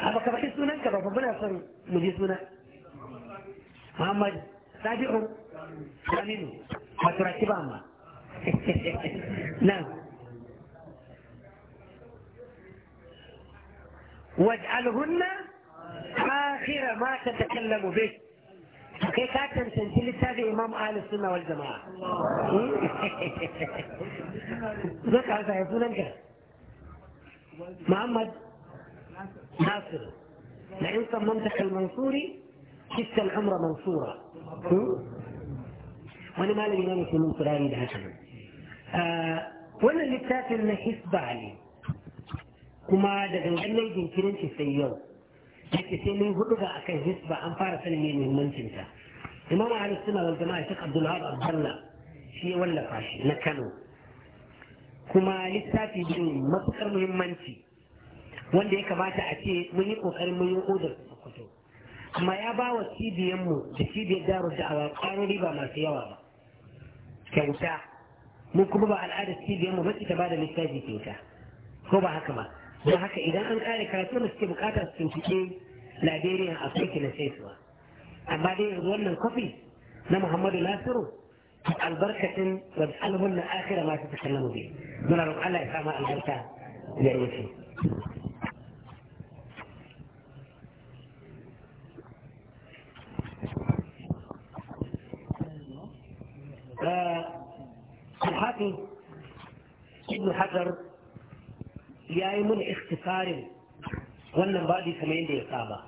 amma ka ba sunan ka ba muna son mu ji suna Muhammad Sabi'u ما نعم واجعلهن آخر ما تتكلم به كيف كانت تنسل هذه إمام أهل السنة والجماعة ذكر هذا يقول أنت محمد ناصر لئن صممتك المنصوري شفت العمر منصورة wani malami na ke min da haka ah, wannan littafin na hisba ne kuma da gangan jinkirin ce sai yau yake sai mun hudu ga akan hisba an fara sanin ne muhimmancin ta imam ahli sunna wal jama'a shek abdul wahab abdullah shi ya wallafa shi na kano kuma littafi ne matukar muhimmanci wanda ya kamata a ce mun yi kokarin mun yi odar amma ya ba wa cibiyarmu da cibiyar daru awa ƙwarori ba masu yawa ba kyauta mu kuma ba al'adar cibiyar mu bace ta bada littafi kyauta ko ba haka ba don haka idan an kare karatu da suke bukatar su tuntuɓe Liberia Afirka na saisuwa amma dai yanzu wannan kwafi na Muhammadu Nasiru albarkacin wani alhun na akira masu takallamu bai muna roƙon Allah ya sama albarka gare shi الحافظ ابن حجر ya yi mun ikhtisarin wannan babi kamar yadda ya saba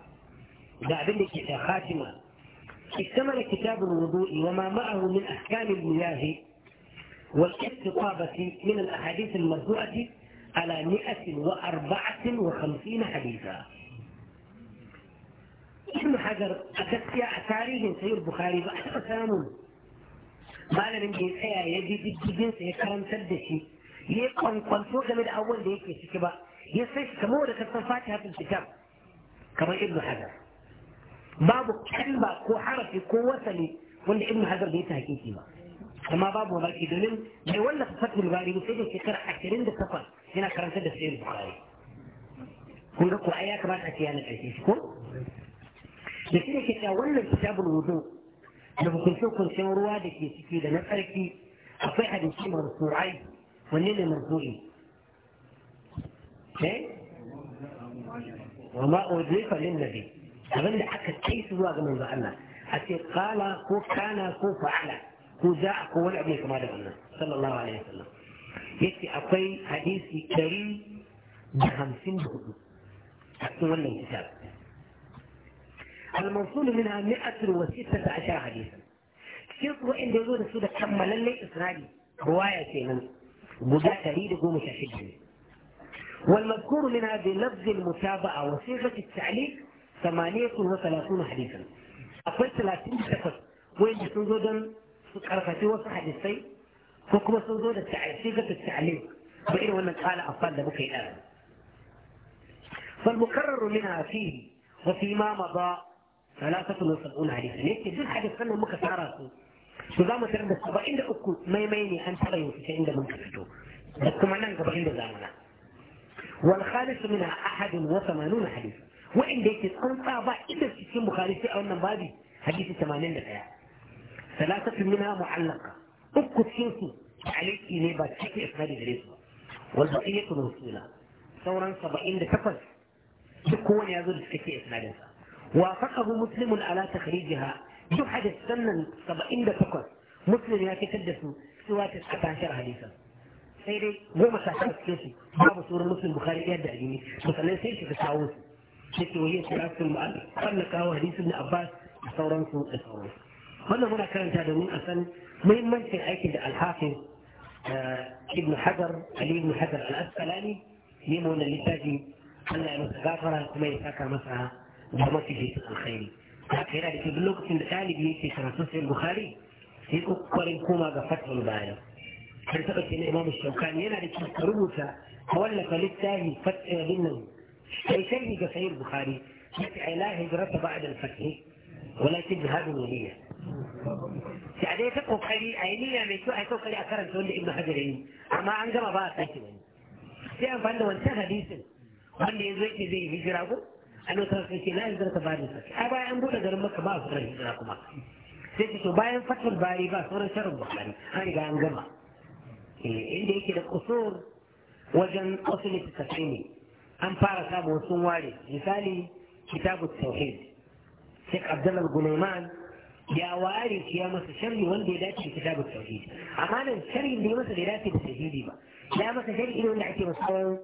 da abin اكتمل كتاب الوضوء وما معه من احكام المياه والاستطابة من الاحاديث المرفوعة على 154 حديثا. ابن حجر أتت يا تاريخ سيد البخاري فأتت سامون malamin da ya tsaya ya bi diddiginsa ya karantar da shi ya kwankwanto game da abubuwan da yake ciki ba ya sai shi kamar da kasan fatiha fil kitab kamar ibn hajar babu kalma ko harafi ko wasali wanda ibn hajar bai ta hakiki ba amma babu mamaki domin bai wallafa fatul bari sai da shekara ashirin da takwas yana karantar da sayyid bukhari kun ga ko ai ya kamata a ce yana shi ko da shi ne ke cewa wannan kitabul wudu ada mungkin sokon semurwa dek ni sikit dan apa lagi apa yang ada semua surai mana yang merzui وما أضيف للنبي أظن حتى كيف الواقع من ظهرنا حتي قال كو كان كو فعلا كو زاع كو ولع بيك ما دفعنا صلى الله عليه وسلم يكي أطي حديث كريم بخمسين بخدو حتى ولا انتساب المنصول منها 116 حديثا شرط وإن يزو da su da kammalallai isra'i ruwaya kenan guda 116 ne والمذكور منها بلفظ المتابعة وصيغة التعليق 38 حديثا اقل 30 شخص وين سنزو دم سكرفتي وصح حديثي فكما سنزو دم صيغة التعليق بإنه أن قال أفضل بكي الآن فالمكرر منها فيه وفيما مضى talatatun wa sab'una hadisa ne ke duk hadisan nan muka tara su su za mu tarar da saba'in da uku maimai ne an tara yau fice inda muka fito da kuma nan gaba inda za mu na wal khalisu min ahadin wa thamanuna hadis wa'inda yake tsantsa ba inda cikin bukhari sai a wannan babi hadisi 81 talatatun minha mu'allaqa uku cikin su aliki ne ba cikin isnadi gare su wal baqiyatu rusula sauran 78 duk kowane ya zo da cikakken isnadinsa وافقه مسلم على تخريجها جبحة السنة طب عند فقر مسلم ياتي كدسه سواك عشر حديثا سيدي مو مساحة كيفي باب سورة مسلم بخاري يدع جيني مثلا سيدي في التعوث سيدي وهي سراسة المؤلف قبل كاوه حديث ابن عباس أثورا سوء أثورا وانا هنا كانت هذا من أسان من من في الحافظ آه، ابن حجر علي بن حجر الأسفلاني يمون اللي تاجي أن يعني تغافر كما يساكر مسعى ومسي جيت الخيري كاكيرا لكي بلوك سندقالي بيتي خرسوس البخاري سيكو قرن كوما غفت البالي فلتقل سين إمام الشوكان ينا لكي تربوسا حوالا فلتاه فتح يغنه شيخي غفعي البخاري فتح لا هجرة بعد الفتح ولا تجهاد ولية سعدي يعني فتح خلي عينيا من سوء حيث خلي أكرم سوء لإبن حجرين أما عندما بقى فاتح سيان فانو انتهى ديسل وان يزويت زي هجرابو annabi sallallahu alaihi wasallam la hijrata ba'da fath ai bayan an bude garin makka ba su da hijira kuma sai ce to bayan fathul bari ba sauran sharrin bukhari an riga an gama inda yake da kusur wajen usul tasawuf an fara samun sun ware misali kitabu tauhid Sheikh Abdullah Gulaiman ya ware shi ya masa sharri wanda ya dace da kitabu tauhid amma nan sharrin da ya masa da ya dace da tauhidi ba ya masa sharri irin wanda ake masa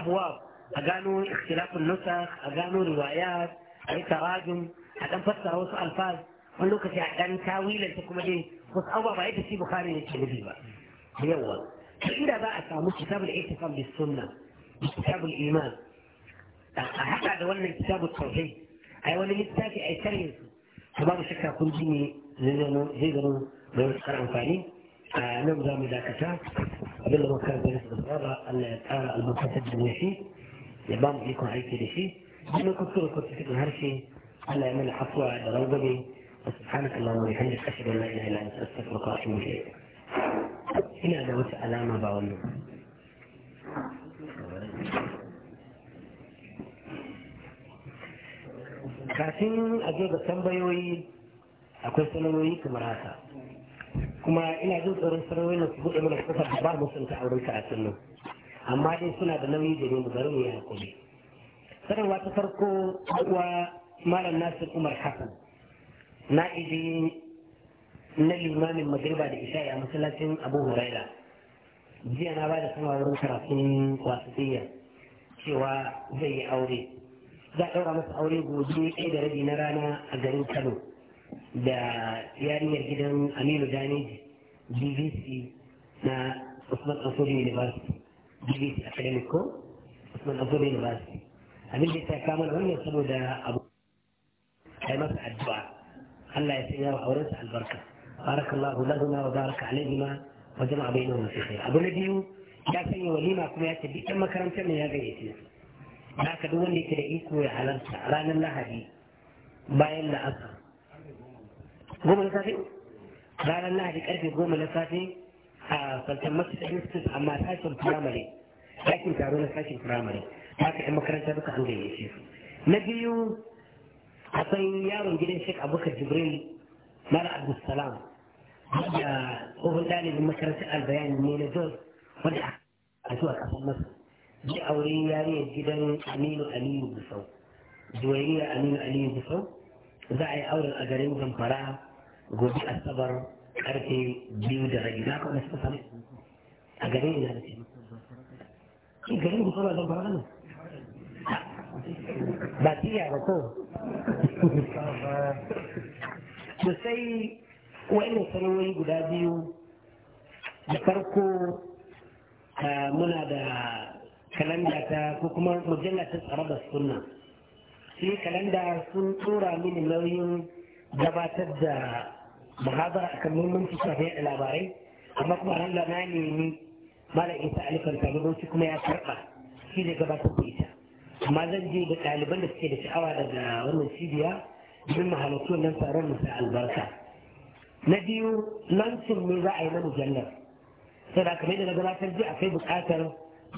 abwab أقانوا اختلاف النسخ أقانوا روايات أي تراجم أقان فسر وصو ألفاظ قلوا كسي أقان تاويل أنت كما دي بس أوبا بأيت في بخاري نشي نبيبا هي أول فإذا بقى أسامو كتاب الاعتصام بالسنة كتاب الإيمان أحكى دولنا كتاب التوحيد أي ولا نتاكي أي سريس فما بشكا كل جيني زيدنو زيدنو بيوت قرعون فعلي آه، نبدأ من ذاك الشهر أبدا ما كان بيوت الغرارة اللي تعالى المنفسد الوحيد يبان يكون عايش بشيء أنا كنت أقول كنت أقول هالشيء على من حفوا على روضي سبحانك اللهم وبحمدك أشهد أن لا إله إلا أنت أستغفرك وأتوب إليك هنا أنا وش علامة بقوله kafin a zo ga tambayoyi akwai sanayoyi kamar haka kuma ina jin tsoron sanayoyi na su buɗe mana kusa ba musanta aure ka a sannan amma dai suna da nauyi da mu garin ya yi hakuri sanarwa ta farko uwa malam nasir umar hassan na na limamin magriba da isha a masallacin abu huraira jiya na ba da sama wurin karatun wasitiyya cewa zai yi aure za a ɗaura masa aure gobe ɗaya da rabi na rana a garin kano da yarinyar gidan aminu daniji bbc na usman ansoji university digiti a kai ko usman abdul university abin da ya kama da wannan saboda abu kai masa addu'a Allah ya sanya wa aurensa albarka barakallahu lahuma wa baraka alaihima wa jama'a bainahum fi khair abu na biyu ya sanya walima kuma ya ce duk ɗan makarantar ne ya gayyace su da aka duk wanda yake da iko ya halarta ranar lahadi bayan la'asar goma na safe ranar lahadi karfe goma na safe a santan masu da amma sashen firamare ɗakin taro na sashen firamare ka yan makaranta duka an gayyace su na biyu akwai yaron gidan shek abubakar jibril mara abdulsalam da tsohon ɗalibin makarantar albayani ne na jos wanda a zuwa ƙasar masu ji aure yariyar gidan aminu aliyu busau ya aminu aliyu busau za a yi auren a garin zamfara gobe asabar karfe biyu da rabi za ka wani suka sami a garin ina da ce shi garin ku sauran zamba nan, ba tiya ba ko da [laughs] sai wa'ina sanarwoyi guda biyu da farko muna da kalanda ta ko kuma mujalla ta tsara da suna sai kalanda sun tura mini nauyin gabatar da muhabara akan muhimmanci shafi da labarai amma kuma Allah na nemi malam Isa Ali Kanta Bauchi kuma ya karɓa shi ne gabatar da ita amma zan je da ɗaliban da suke da sha'awa daga wannan cibiya domin mu halarci wannan taron mu sa albarka na biyu lancin ne za a yi na mujallar saboda kamar da na gabatar ji akwai buƙatar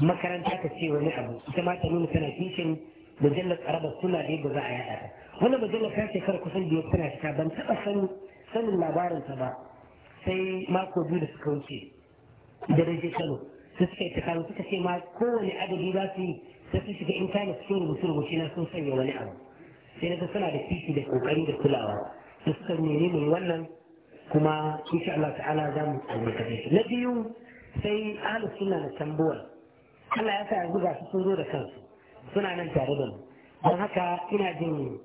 makaranta ta ce wani abu ita ma ta nuna tana kishin mujallar araba suna da yadda za a yada wannan mujallar ta shekara kusan biyar tana ta ban taɓa sanin sanin labarinsa ba sai mako biyu da suka wuce da rage kano su suka yi takaru suka ce ma kowane adadi za su yi sai su shiga intanet cikin rubutu rubuce na sun sanya wani abu sai na suna da titi da kokari da kulawa su suka nemi mai wannan kuma insha Allah ta'ala za mu albarkace shi na biyu sai ahlus sunna na tambuwar Allah ya sa yanzu ga su sun zo da kansu suna nan tare da mu don haka ina jin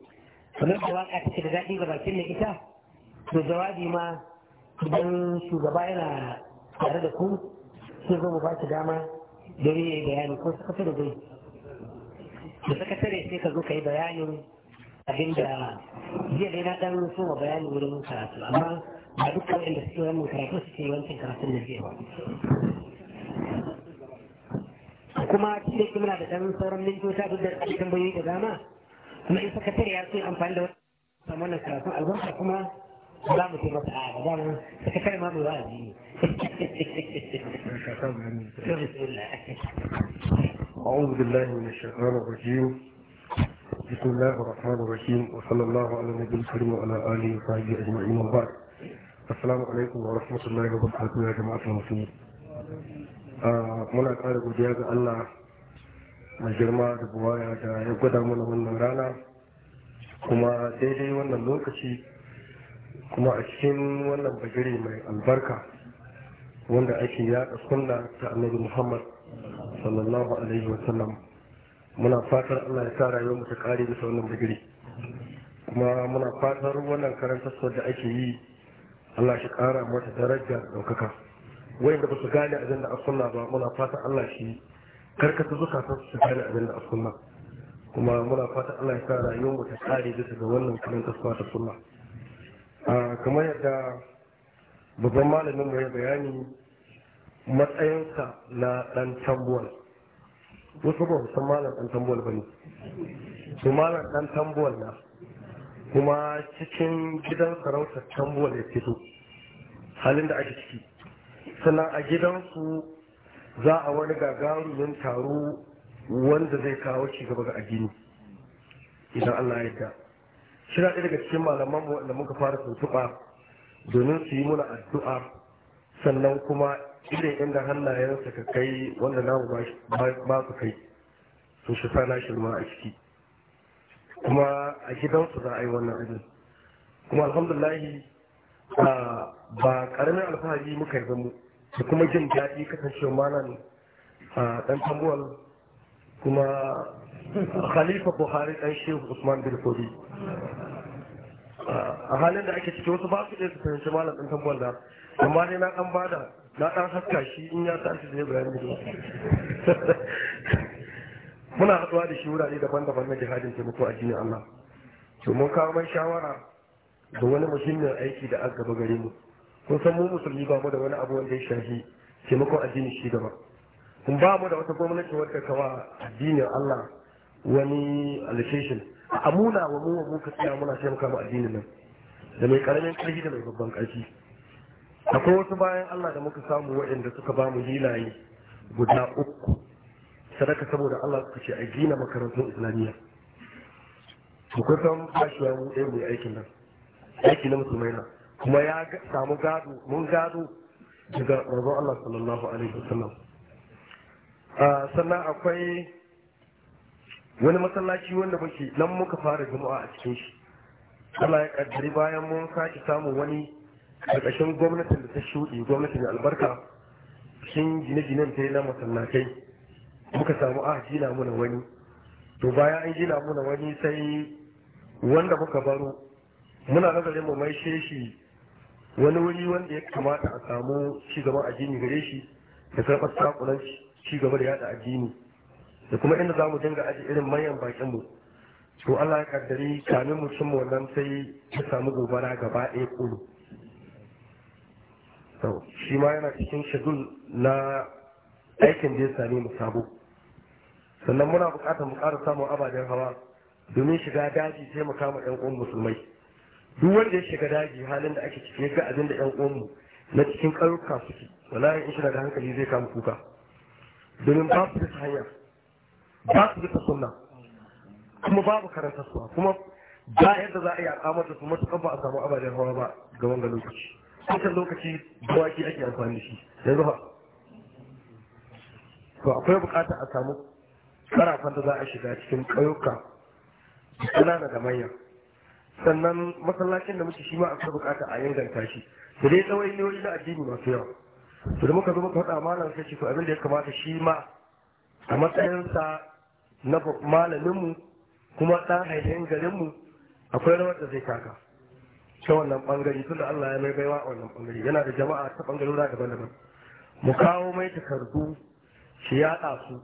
kamar da waka take da daɗi ga bakin da ita da jawabi ma idan shugaba yana tare da ku sai zo mu ba shi dama dare ya yi bayani ko sakatare zai da sakatare sai ka zo ka yi bayanin abin da jiya dai na dan so bayanin bayani wurin karatu amma ba duk wanda da suke wannan karatu suke wancan karatun da jiya ba kuma cikin muna da dan sauran mintota duk da cikin bayoyi da dama kuma in sakatare ya so amfani da wannan karatu albarka kuma ba mutum ba a ba الوادي أعوذ بالله من الشيطان الرجيم بسم الله الرحمن الرحيم وصلى الله على النبي الكريم وعلى آله وصحبه أجمعين وبعد السلام عليكم ورحمة الله وبركاته يا جماعة المسلمين muna ƙara godiya ga Allah mai girma da buwaya da ya gwada mana wannan rana kuma daidai wannan lokaci kuma a cikin wannan bagare mai albarka wanda ake yaɗa sunna ta annabi muhammad sallallahu alaihi wasallam muna fatar allah ya sa rayuwar ta kare bisa wannan bagare kuma muna fatar wannan karantarsa da ake yi allah shi kara mata daraja da ɗaukaka wanda ba su gane abin da asunna ba muna fatan allah shi karkata zukatan su gane abin da asunna kuma muna fatan allah ya sa rayuwar ta kare bisa ga wannan karantarsa ta sunna kamar yadda babban malamin mai bayani matsayinsa na dan tambuwal wasu ba san malam dan tambuwal ba ne su malam dan tambuwal na kuma cikin gidan sarautar tambuwal ya fito halin da ake ciki sannan a gidansu za a wani gagarumin taro wanda zai kawo ci gaba ga addini idan Allah ya yarda shi na daga cikin malaman mu da muka fara tuntuɓa domin su yi muna addu'a sannan kuma irin inda hannayensa ka kai wanda namu ba su kai sun shi sana shi a ciki kuma a gidansu za a yi wannan abin kuma alhamdulahi ba karamin alfahari muka yi mu da kuma jin daɗi kasancewa malam a ɗan tambuwal kuma khalifa buhari dan shehu usman bin kodi a halin da ake ciki wasu ba su iya su fahimci malam ɗin tambuwan da amma dai na ɗan bada na ɗan haska shi in ya tashi zai bayan da muna haɗuwa da shi wurare daban-daban na jihadin taimako a jini Allah to mun kawo mai shawara da wani muhimmin aiki da aka gaba gare mu kun san mu musulmi ba mu da wani abu wanda ya shafi taimakon addini shi gaba kun ba mu da wata gwamnati wadda kawa addinin Allah wani allocation a muna wa mu mu ka tsaya muna muka mu addinin nan da mai karamin karfi da mai babban karfi akwai wasu bayan Allah da muka samu waɗanda suka ba mu hilaye guda uku sadaka saboda Allah suka ce a gina makarantun islamiyya to san bashiya mu ɗaya mai aikin nan aiki na musulmai na kuma ya samu gado mun gado daga manzon Allah sallallahu alaihi wasallam ah, sannan akwai wani masallaci wanda muke nan muka fara jama'a a cikin shi Allah ya kaddari bayan mun sake samun wani karkashin gwamnatin da ta shuɗe gwamnatin albarka sun gine-ginen ta yi na masallatai muka samu a jina muna wani to bayan an gina muna wani sai wanda muka baro muna nazarin mu mai shi wani wuri wanda ya kamata a samu ci a addini gare shi da karɓar sakunan ci gaba da yada addini da kuma inda za mu dinga aji irin manyan bakin mu to Allah ya kaddari kamin mu cin wannan sai ya samu gobara gaba ɗaya kulu to shi ma yana cikin shagul na aikin da ya sami mu sabo sannan muna buƙatar mu ƙara samu ababen hawa domin shiga daji sai mu kama ƴan uwan musulmai duk wanda ya shiga daji halin da ake ciki ga abin da ƴan uwan mu na cikin ƙauyuka suke wallahi in shi da hankali zai kama kuka domin ba su da hanya ba su duka sunna kuma babu karanta su kuma ba yadda za a yi al'amar da su matuƙar ba a samu ababen hawa ba ga wanga lokaci kusan lokaci dawaki ake amfani da shi yanzu ha to akwai bukata a samu karafan da za a shiga cikin ƙauyuka ƙanana da manya sannan masallacin da muke shi ma akwai bukata a inganta shi su dai tsawon yoyi na addini masu yawa to da muka zo muka faɗa malam sai ce to abin da ya kamata shi ma a matsayinsa na malaminmu kuma ɗan haifin garinmu akwai rawar da zai taka ta wannan ɓangare tunda Allah ya mai baiwa a wannan ɓangare yana da jama'a ta ɓangarora daban-daban mu kawo mai takardu shi yaɗa su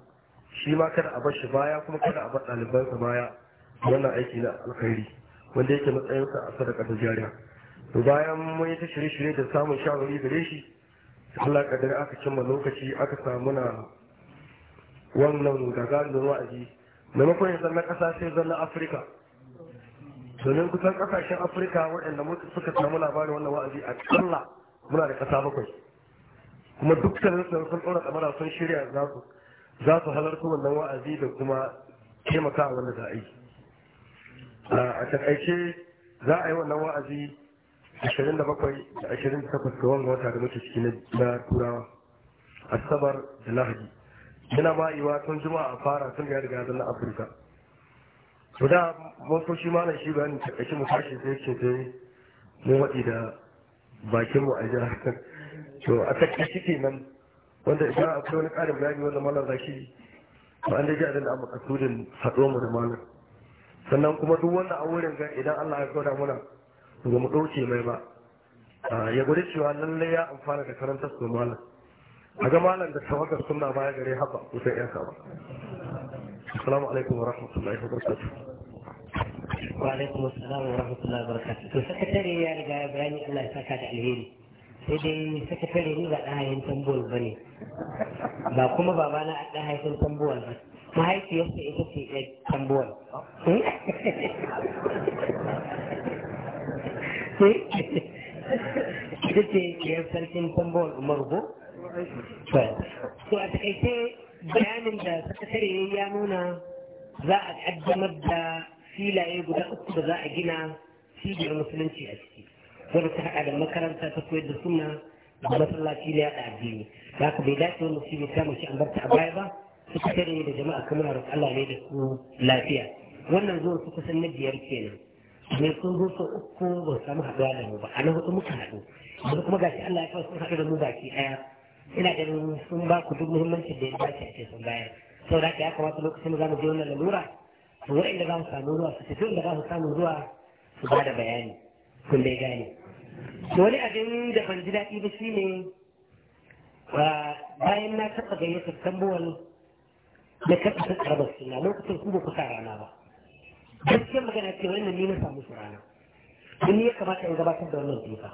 shi ma kada a bar shi baya kuma kada a bar ɗalibansa baya wannan aiki na alkhairi wanda yake matsayinsa a sadaka ta jariya to bayan mun yi ta shirye-shirye da samun shawarwari gare shi Allah kadar aka cimma lokaci aka samu na wannan gagarumin wa'azi maimakon ya zanna ƙasa sai zanna afirka domin kusan ƙasashen afirka waɗanda suka samu labarin wannan wa'azi a ƙalla muna da ƙasa bakwai kuma dukkanin sun sun ɗora kamar sun shirya za su halarta wannan wa'azi da kuma taimaka wanda za a yi a takaice za a yi wannan wa'azi 27 da 28 ga wanga wata da mace ciki na turawa asabar da lahadi yana ma iwa tun juma'a fara tun da ya riga na afirka to da mafi shi malam shi bayanin takaici mu tashi sai ce sai mun waɗi da bakin mu a jiya to a takaici ke nan wanda idan akwai wani ƙarin bayani wanda malam zaki ba an da ji adana a kasudin haɗuwar mu da malam sannan kuma duk wanda a wurin ga idan Allah ya kauda muna ba mu ɗauke mai ba ah, ya gudu cewa lallai ya amfana da karantar su malam a ga malam da tawagar suna baya gare haka wutan ya sama assalamu alaikum wa rahmatullahi wa barakatuh wa alaikum assalamu wa rahmatullahi wa barakatuh to sakatare ya riga ya bayani Allah ya saka da alheri sai dai sakatare ni ba ɗan hayan tambuwal ba ne ba kuma babana a ɗan hayan tambuwal ba mahaifiyarsa ita ce ya tambuwal ita ce ya sarkin tambuwa umar ko to a takaice bayanin da sakatare ya nuna za a kaddamar da filaye guda uku da za a gina cibiyar musulunci a ciki wanda ta haɗa da makaranta ta koyar da suna da masallaci na yaɗa addini da haka bai dace wani cibiyar ta mace an barta a baya ba sakatare da jama'a kamar da Allah ne da ku lafiya wannan zuwa su kusan na biyar kenan mai sun zo sau uku ba samu haɗuwa da mu ba a na hudu muka haɗu yanzu kuma gashi Allah ya kawo sun haɗu da mu baki ɗaya ina ganin sun ba ku duk muhimmancin da ya dace a ce sun bayar sau da ya kamata lokacin da za mu je wannan lalura wa'in da za mu samu zuwa su tafi da za su samu zuwa su ba da bayani kun dai gane wani abin da ban ji daɗi ba shi ne bayan na taɓa gayyatar tambuwan da taɓa sun karɓar suna lokacin kuma ku sa rana ba gaskiyar magana ce wannan ni na samu su rana in ya kamata in gabatar da wannan tuka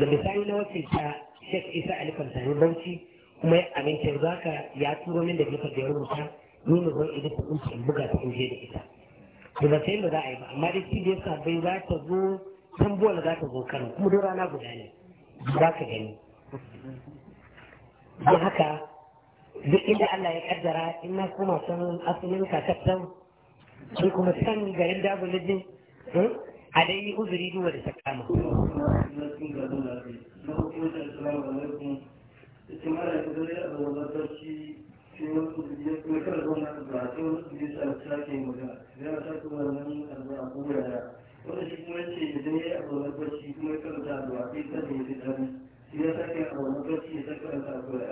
da misali na wacce ta shek isa ali kamsani bauchi kuma ya amince za ka ya turo min da gefen da ya rubuta ni ne zan idan kuɗin su buga ta je da ita da ba sai ba za a yi ba amma dai shi da ya za ta zo tambuwar za ta zo kano kuma da rana guda ne za ka gani don haka duk inda Allah ya kaddara in na koma san asalin kakattan sun kuma can garin dabulajin hmm, a dai uzuri duwa da ta na uku wata assalamu alaikum ita mara ta zai a wadatarci sai wasu da ya kuma kar zauna ba a tsawon wasu da ya sa sake magana da ya sake wannan abu a kuma yara wanda shi kuma ce da zai a wadatarci kuma ya karanta abu a kai ta da ya fi tsari sai ya sake a wadatarci ya sake karanta abu a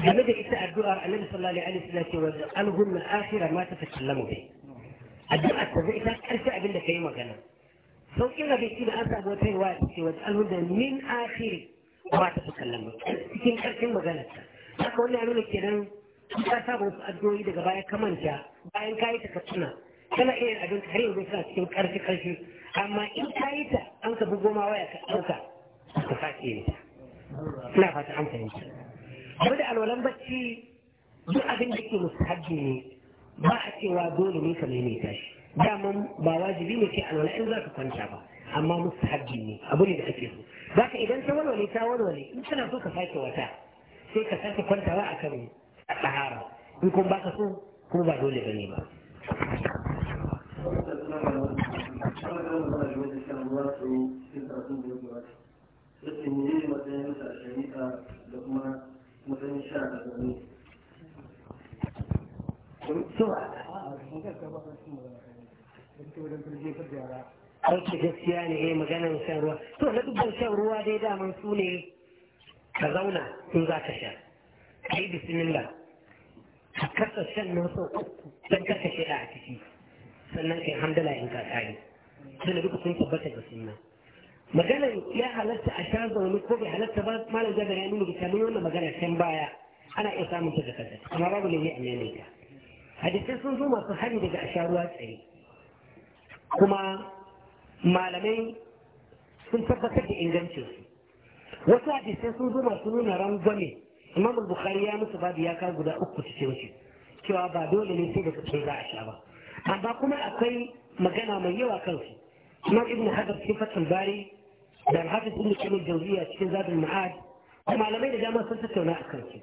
game da ita addu'ar annabi sallallahu alaihi wasallam ce wa alhunna akhira ma tatakallamu bi addu'ar ta zai ta karshe abin da kai magana sauƙin abinci da an samu wata yawa ce wajen alhuda min akiri ba ta fi kallon cikin ƙarfin maganarta haka wannan wani nuna kenan ka saba wasu addu'o'i daga baya ka manta bayan ka yi ta ka tuna kana iya yin abin har yanzu suna cikin ƙarfi ƙarfi amma in ka yi ta an ka bugo ma waya ka ɗauka ka sake yin ta ina fata an fahimta kuma da alwalan bacci duk abin da ke musu ne ba a cewa dole ne ka maimaita shi دامم باواجبي نتي انا لا انزا كان شابا اما مستحب جيني ابوني بحكيه ذاك اذا انت ولا ولي تاول ولي انت انا فوق فايت وتا فيك فايت كنت واع كمي الطهارة يكون باك سو كم بعد ولي بني ما سوى ɗauke gaskiya ne eh maganar shan ruwa to na dubban shan ruwa dai daman su ne ka zauna in za ka sha ka yi bisimila ka kasa shan nan sau uku don kasa shaɗa a ciki sannan kai hamdala in ka kare suna duka sun tabbata da sunna maganar ya halatta a sha zaune ko bai halatta ba malam jabir ya nuna da mun wannan maganar shan baya ana iya samun ta da kanta amma babu ne a ta. hadisai sun zo masu hari daga a sha ruwa tsaye kuma malamai sun tabbatar da ingancin wasu hadisai sun zuba su nuna rangwame imam bukhari ya musu babu ya kai guda uku cikin shi cewa ba dole ne sai da kake za a sha ba amma kuma akwai magana mai yawa kansu imam ibn hajar cikin fatul bari da hafiz ibn kamil jawziya cikin zabin ma'ad malamai da dama sun tattauna a kansu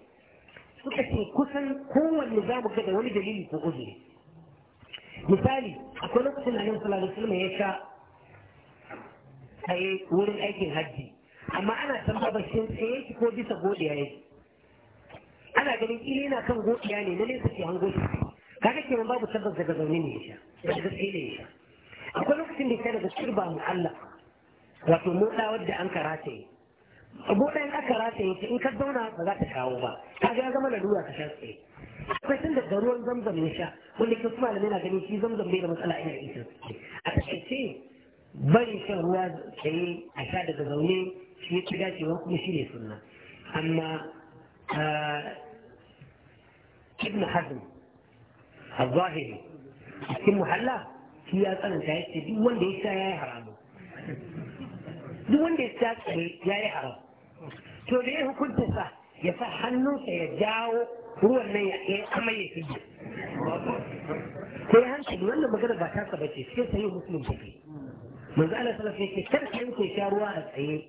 suka ce kusan kowanne zamu mu ga da wani dalili ko uzuri misali akwai lokacin da annabi sallallahu alaihi ya sha tsaye wurin aikin haji amma ana san babashin tsaye shi ko bisa godiya yake ana ganin kila na kan godiya ne na nesa ke hango shi kaga kenan babu tabbas daga zaune ne ya sha daga tsaye ne ya sha akwai lokacin da ya daga shirba mu Allah wato motsa wadda an karata yi abu ɗayan aka rataye yake in ka zauna ba za ta kawo ba ka ga zama lalura ta shan tsaye akwai tun da ruwan zamzam ya sha wanda ke kuma na ganin shi zamzam bai da matsala ina isa a takaice bari shan ruwa tsaye a sha daga zaune shi ya ci dacewa kuma shi ne sunna amma ah, ibn hazm الظاهري cikin muhalla shi ya tsananta ya ce duk wanda ya sha ya yi haramu duk wanda ya sha tsaye ya yi haram توليه كنت فه يفه حنو سيجاو هو اللي إيه، أما يسجد سيها هنشد وانا ما قرر باكاكا بجيس كيف سيو مسلم شكي من قال صلى الله عليه وسلم كيف سيو تشار وارد أي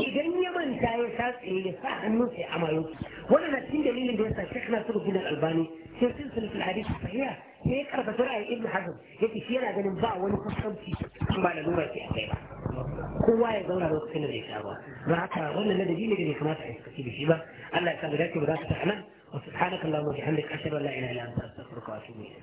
إذن يمن تاي ساس إيه يفه حنو سيعمل وانا نتين دليل انديسا شيخ ناصر بن الألباني سيو سلسل في الحديث الصحيح يكره بسرعة ابن حجم يتي فينا ده نمضع ونفصل في ثم على دورة الحسابة قوة يدور على وقتنا الحسابة راحت أقول لنا دي لجل يخمات عن كتيب الشيبة ألا يسابداتي وراحت تعمل وسبحانك اللهم وبحمدك أشهد أن لا إله إلا أنت أستغفرك وأتوب إليك